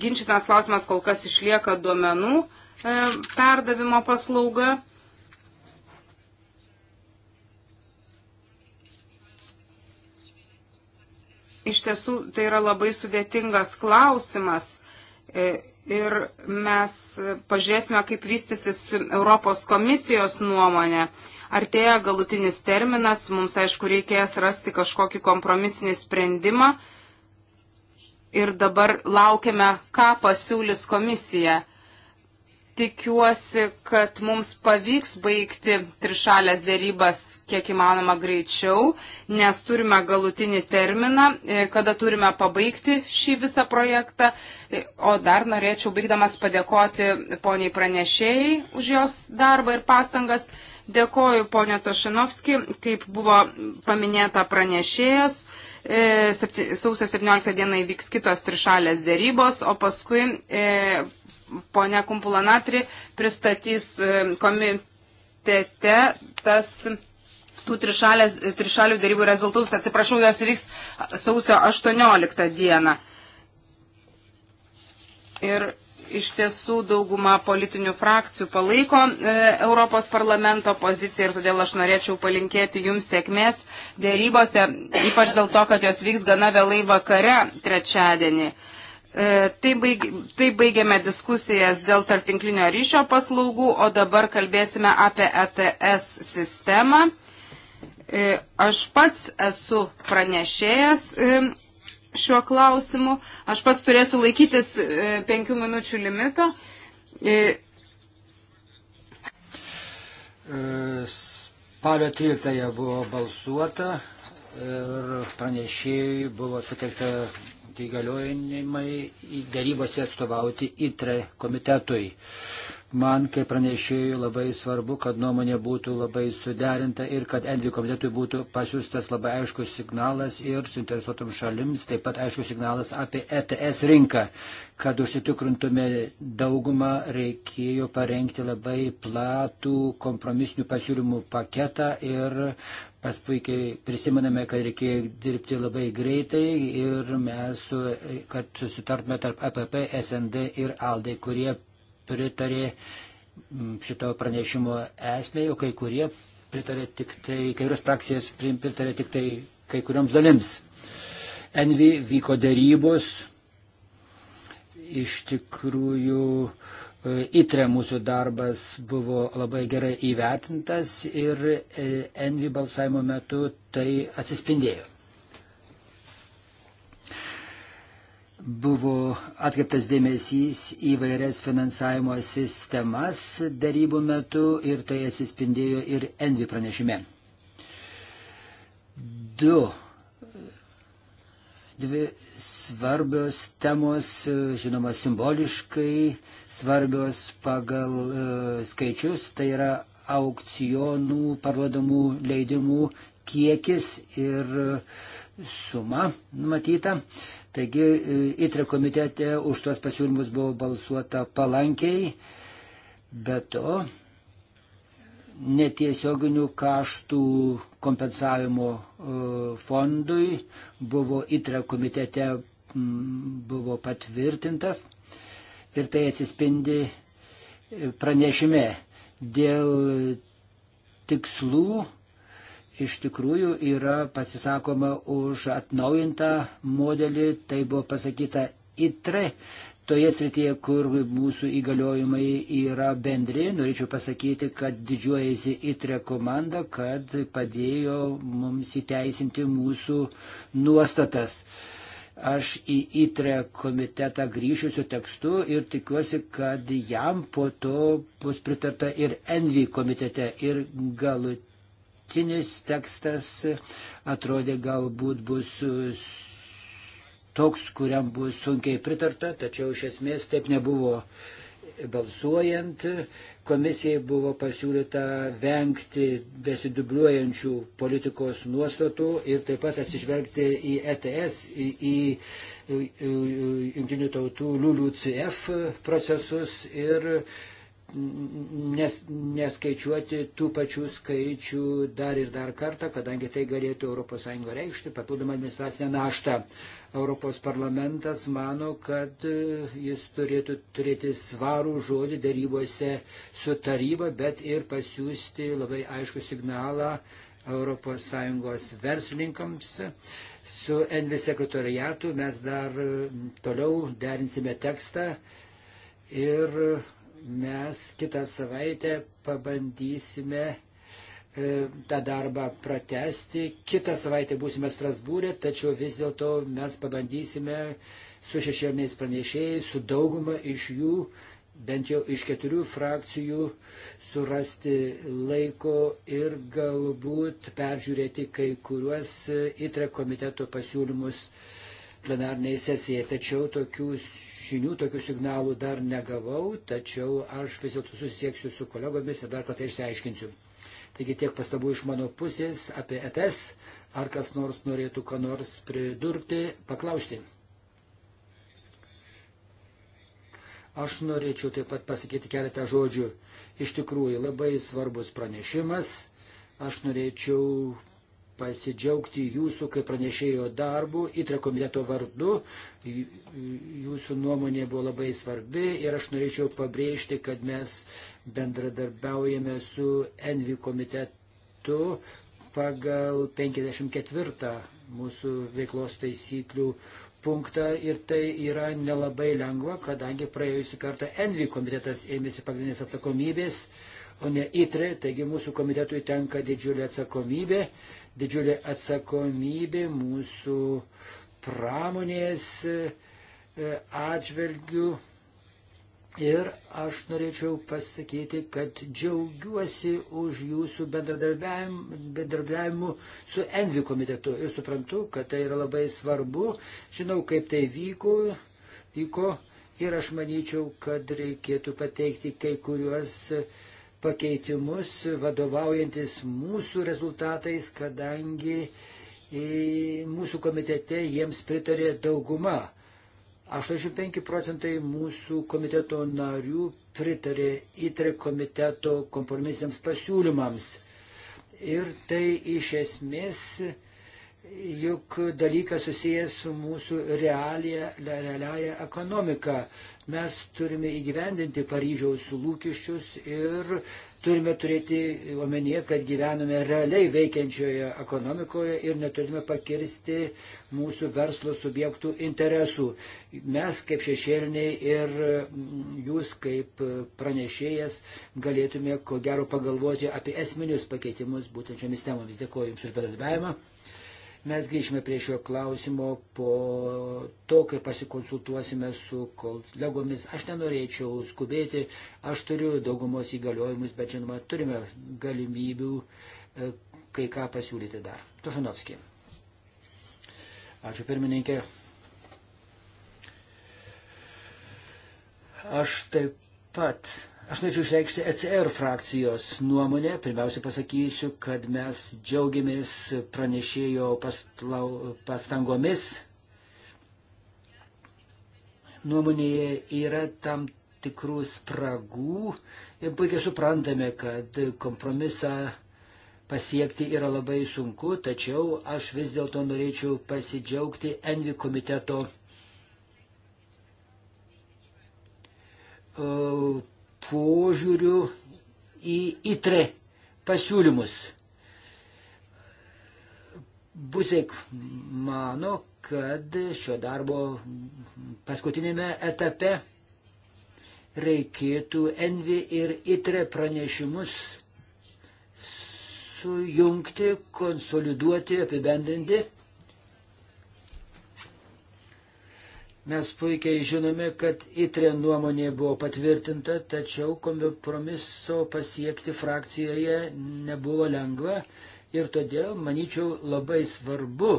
ginčytinas klausimas kol kas išlieka duomenų e, perdavimo paslauga. Iš tiesų tai yra labai sudėtingas klausimas. E, ir mes pažiūrėsime, kaip vystysis Europos komisijos nuomonė. Artėja galutinis terminas, mums aišku reikės rasti kažkokį kompromisinį sprendimą ir dabar laukiame, ką pasiūlys komisija tikiuosi, kad mums pavyks baigti trišalės dėrybas kiek įmanoma greičiau, nes turime galutinį terminą, e, kada turime pabaigti šį visą projektą. E, o dar norėčiau baigdamas padėkoti poniai pranešėjai už jos darbą ir pastangas. Dėkoju ponė Tošinovski, kaip buvo paminėta pranešėjas. E, sausio 17 dieną įvyks kitos trišalės dėrybos, o paskui ponia Kumpulanatri pristatys e, komitete tas tų trišalės, trišalių darybų rezultatus. Atsiprašau, jos vyks sausio 18 dieną. Ir iš tiesų dauguma politinių frakcijų palaiko e, Europos parlamento poziciją ir todėl aš norėčiau palinkėti jums sėkmės dėrybose, ypač dėl to, kad jos vyks gana vėlai vakare trečiadienį. E, E, tai, baig, tai baigėme diskusijas dėl tartinklinio ryšio paslaugų, o dabar kalbėsime apie ETS sistemą. E, aš pats esu pranešėjas e, šiuo klausimu. Aš pats turėsiu laikytis penkių minučių limito. Spalio 13 buvo balsuota ir pranešėjai buvo suteikta įgaliojimai darybose atstovauti ITRE komitetui. Man, kaip pranešėjui, labai svarbu, kad nuomonė būtų labai suderinta ir kad Envi komitetui būtų pasiūstas labai aiškus signalas ir suinteresuotum šalims taip pat aiškus signalas apie ETS rinką. Kad užsitikrintume daugumą, reikėjo parengti labai platų kompromisinių pasiūlymų paketą ir mes puikiai prisimename, kad reikėjo dirbti labai greitai ir mes, kad susitartume tarp EPP, SND ir ALDE, kurie pritarė mm, šito pranešimo esmė, o kai kurie pritarė tik tai, kai kurios praksijas pritarė tik tai kai kurioms dalims. Envi vyko dėrybos, iš tikrųjų e, ITRE mūsų darbas buvo labai gerai įvertintas ir e, ENVI balsavimo metu tai atsispindėjo. buvo atkreiptas dėmesys į vairias finansavimo sistemas darybų metu ir tai atsispindėjo ir Envi pranešime. Du. Dvi svarbios temos, žinoma, simboliškai svarbios pagal e, skaičius, tai yra aukcionų parduodamų leidimų kiekis ir e, suma numatyta. E, Taigi įtre e, komitete už tuos pasiūlymus buvo balsuota palankiai, bet to netiesioginių kaštų kompensavimo e, fondui buvo įtre komitete buvo patvirtintas ir tai atsispindi e, pranešime dėl tikslų iš tikrųjų yra pasisakoma už atnaujintą modelį, tai buvo pasakyta ITRE. Toje srityje, kur mūsų įgaliojimai yra bendri, norėčiau pasakyti, kad didžiuojasi ITRE komanda, kad padėjo mums įteisinti mūsų nuostatas. Aš į ITRE komitetą grįšiu su tekstu ir tikiuosi, kad jam po to bus pritarta ir ENVI komitete ir galutinai dabartinis tekstas atrodė galbūt bus toks, kuriam bus sunkiai pritarta, tačiau iš esmės taip nebuvo balsuojant. Komisijai buvo pasiūlyta vengti besidubliuojančių politikos nuostatų ir taip pat atsižvelgti į ETS, į, į Junktinių tautų LULUCF procesus ir uh, nes, neskaičiuoti tų pačių skaičių dar ir dar kartą, kadangi tai galėtų ES reikšti papildomą administracinę naštą. Europos parlamentas mano, kad e, jis turėtų turėti svarų žodį darybose su taryba, bet ir pasiūsti labai aišku signalą ES verslininkams. Su NV sekretoriatu mes dar e, toliau derinsime tekstą ir mes kitą savaitę pabandysime e, tą darbą pratesti. Kitą savaitę būsime Strasbūrė, tačiau vis dėlto mes pabandysime su šešėliniais pranešėjais, su dauguma iš jų, bent jau iš keturių frakcijų, surasti laiko ir galbūt peržiūrėti kai kuriuos įtre komiteto pasiūlymus plenarniai sesijai. Tačiau tokių žinių, tokių signalų dar negavau, tačiau aš vis dėlto susisieksiu su kolegomis ir dar kartą išsiaiškinsiu. Taigi tiek pastabų iš mano pusės apie ETS, ar kas nors norėtų ką nors pridurti, paklausti. Aš norėčiau taip pat pasakyti keletą žodžių. Iš tikrųjų, labai svarbus pranešimas. Aš norėčiau pasidžiaugti jūsų kaip pranešėjo darbu, įtre komiteto vardu. Jūsų nuomonė buvo labai svarbi ir aš norėčiau pabrėžti, kad mes bendradarbiaujame su Envi komitetu pagal 54 mūsų veiklos taisyklių punktą ir tai yra nelabai lengva, kadangi praėjusi kartą Envi komitetas ėmėsi pagrindinės atsakomybės, o ne ITRE, taigi mūsų komitetui tenka didžiulė atsakomybė didžiulė atsakomybė mūsų pramonės e, atžvelgių. Ir aš norėčiau pasakyti, kad džiaugiuosi už jūsų bendradarbiavimu su Envi komitetu ir suprantu, kad tai yra labai svarbu. Žinau, kaip tai vyko, vyko ir aš manyčiau, kad reikėtų pateikti kai kuriuos uh, pakeitimus, vadovaujantis mūsų rezultatais, kadangi mūsų komitete jiems pritarė dauguma. 85 procentai mūsų komiteto narių pritarė įtre komiteto kompromisiniams pasiūlymams. Ir tai iš esmės juk dalykas susijęs su mūsų realia, realiaja ekonomika. Mes turime įgyvendinti Paryžiaus lūkesčius ir turime turėti omenyje, kad gyvename realiai veikiančioje ekonomikoje ir neturime pakirsti mūsų verslo subjektų interesų. Mes kaip šešėliniai ir jūs kaip pranešėjas galėtume ko gero pagalvoti apie esminius pakeitimus būtent šiomis temomis. Dėkuoju Jums už bendradarbiavimą. Mes grįžime prie šio klausimo po to, kai pasikonsultuosime su kolegomis. Aš nenorėčiau skubėti, aš turiu daugumos įgaliojimus, bet žinoma, turime galimybių e, kai ką pasiūlyti dar. Tošanovski. Ačiū pirmininkė. Aš taip pat Aš norėčiau išreikšti ECR frakcijos nuomonę. Pirmiausia pasakysiu, kad mes džiaugiamės pranešėjo pastlau, pastangomis. Nuomonėje yra tam tikrų spragų ir puikiai suprantame, kad kompromisą pasiekti yra labai sunku, tačiau aš vis dėlto norėčiau pasidžiaugti Envi komiteto e, požiūriu į įtre pasiūlymus. Buzek mano, kad šio darbo paskutinėme etape reikėtų Envi ir ITRE pranešimus sujungti, konsoliduoti, apibendrinti Mes puikiai žinome, kad ITRE nuomonė buvo patvirtinta, tačiau kompromiso pasiekti frakcijoje nebuvo lengva ir todėl, manyčiau, labai svarbu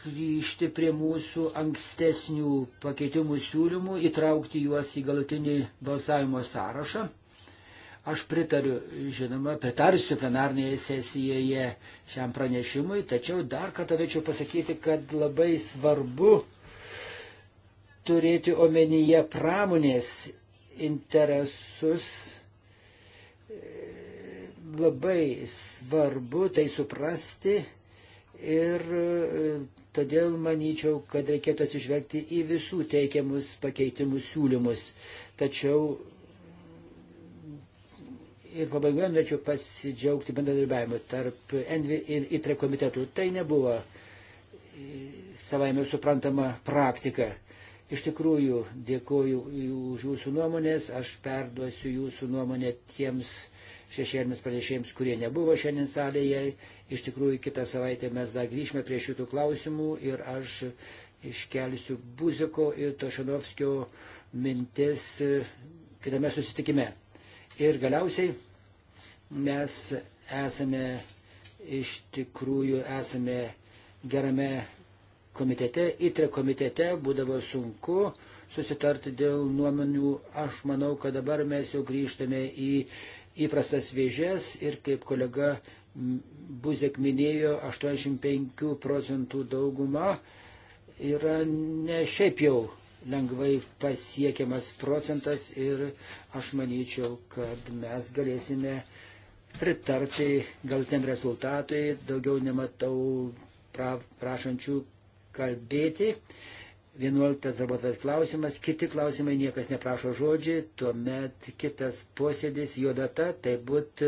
grįžti prie mūsų ankstesnių pakeitimų siūlymų, įtraukti juos į galutinį balsavimo sąrašą. Aš pritariu, žinoma, pritarsiu plenarnėje sesijoje šiam pranešimui, tačiau dar kartą norėčiau pasakyti, kad labai svarbu turėti omenyje pramonės interesus. Labai svarbu tai suprasti ir e, todėl manyčiau, kad reikėtų atsižvelgti į visų teikiamus pakeitimų siūlymus. Tačiau Ir pabaigoje norėčiau pasidžiaugti bendradarbiavimu tarp Envi ir ITRE komitetų. Tai nebuvo e, savaime suprantama praktika. Iš tikrųjų, dėkoju už jūsų nuomonės, aš perduosiu jūsų nuomonę tiems šešėlėmis pranešėjams, kurie nebuvo šiandien salėje. Iš tikrųjų, kitą savaitę mes dar grįžime prie šitų klausimų ir aš iškelsiu Buziko ir Tošanovskio mintis e, kitame susitikime. Ir galiausiai mes esame iš tikrųjų esame gerame komitete, įtre komitete būdavo sunku susitarti dėl nuomonių. Aš manau, kad dabar mes jau grįžtame į įprastas vėžės ir kaip kolega Buzek minėjo, 85 procentų dauguma yra ne šiaip jau lengvai pasiekiamas procentas ir aš manyčiau, kad mes galėsime pritarti galtiniam rezultatui, daugiau nematau pra, prašančių kalbėti. 11 darbuotojas klausimas, kiti klausimai niekas neprašo žodžiai, tuomet kitas posėdis, jo data, tai būt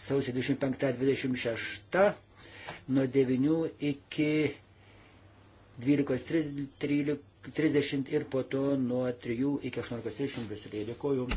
sausio 25-26 nuo 9 iki 12.30. 30 ir po to nuo 3 iki 18.30 visų. Dėkuoju.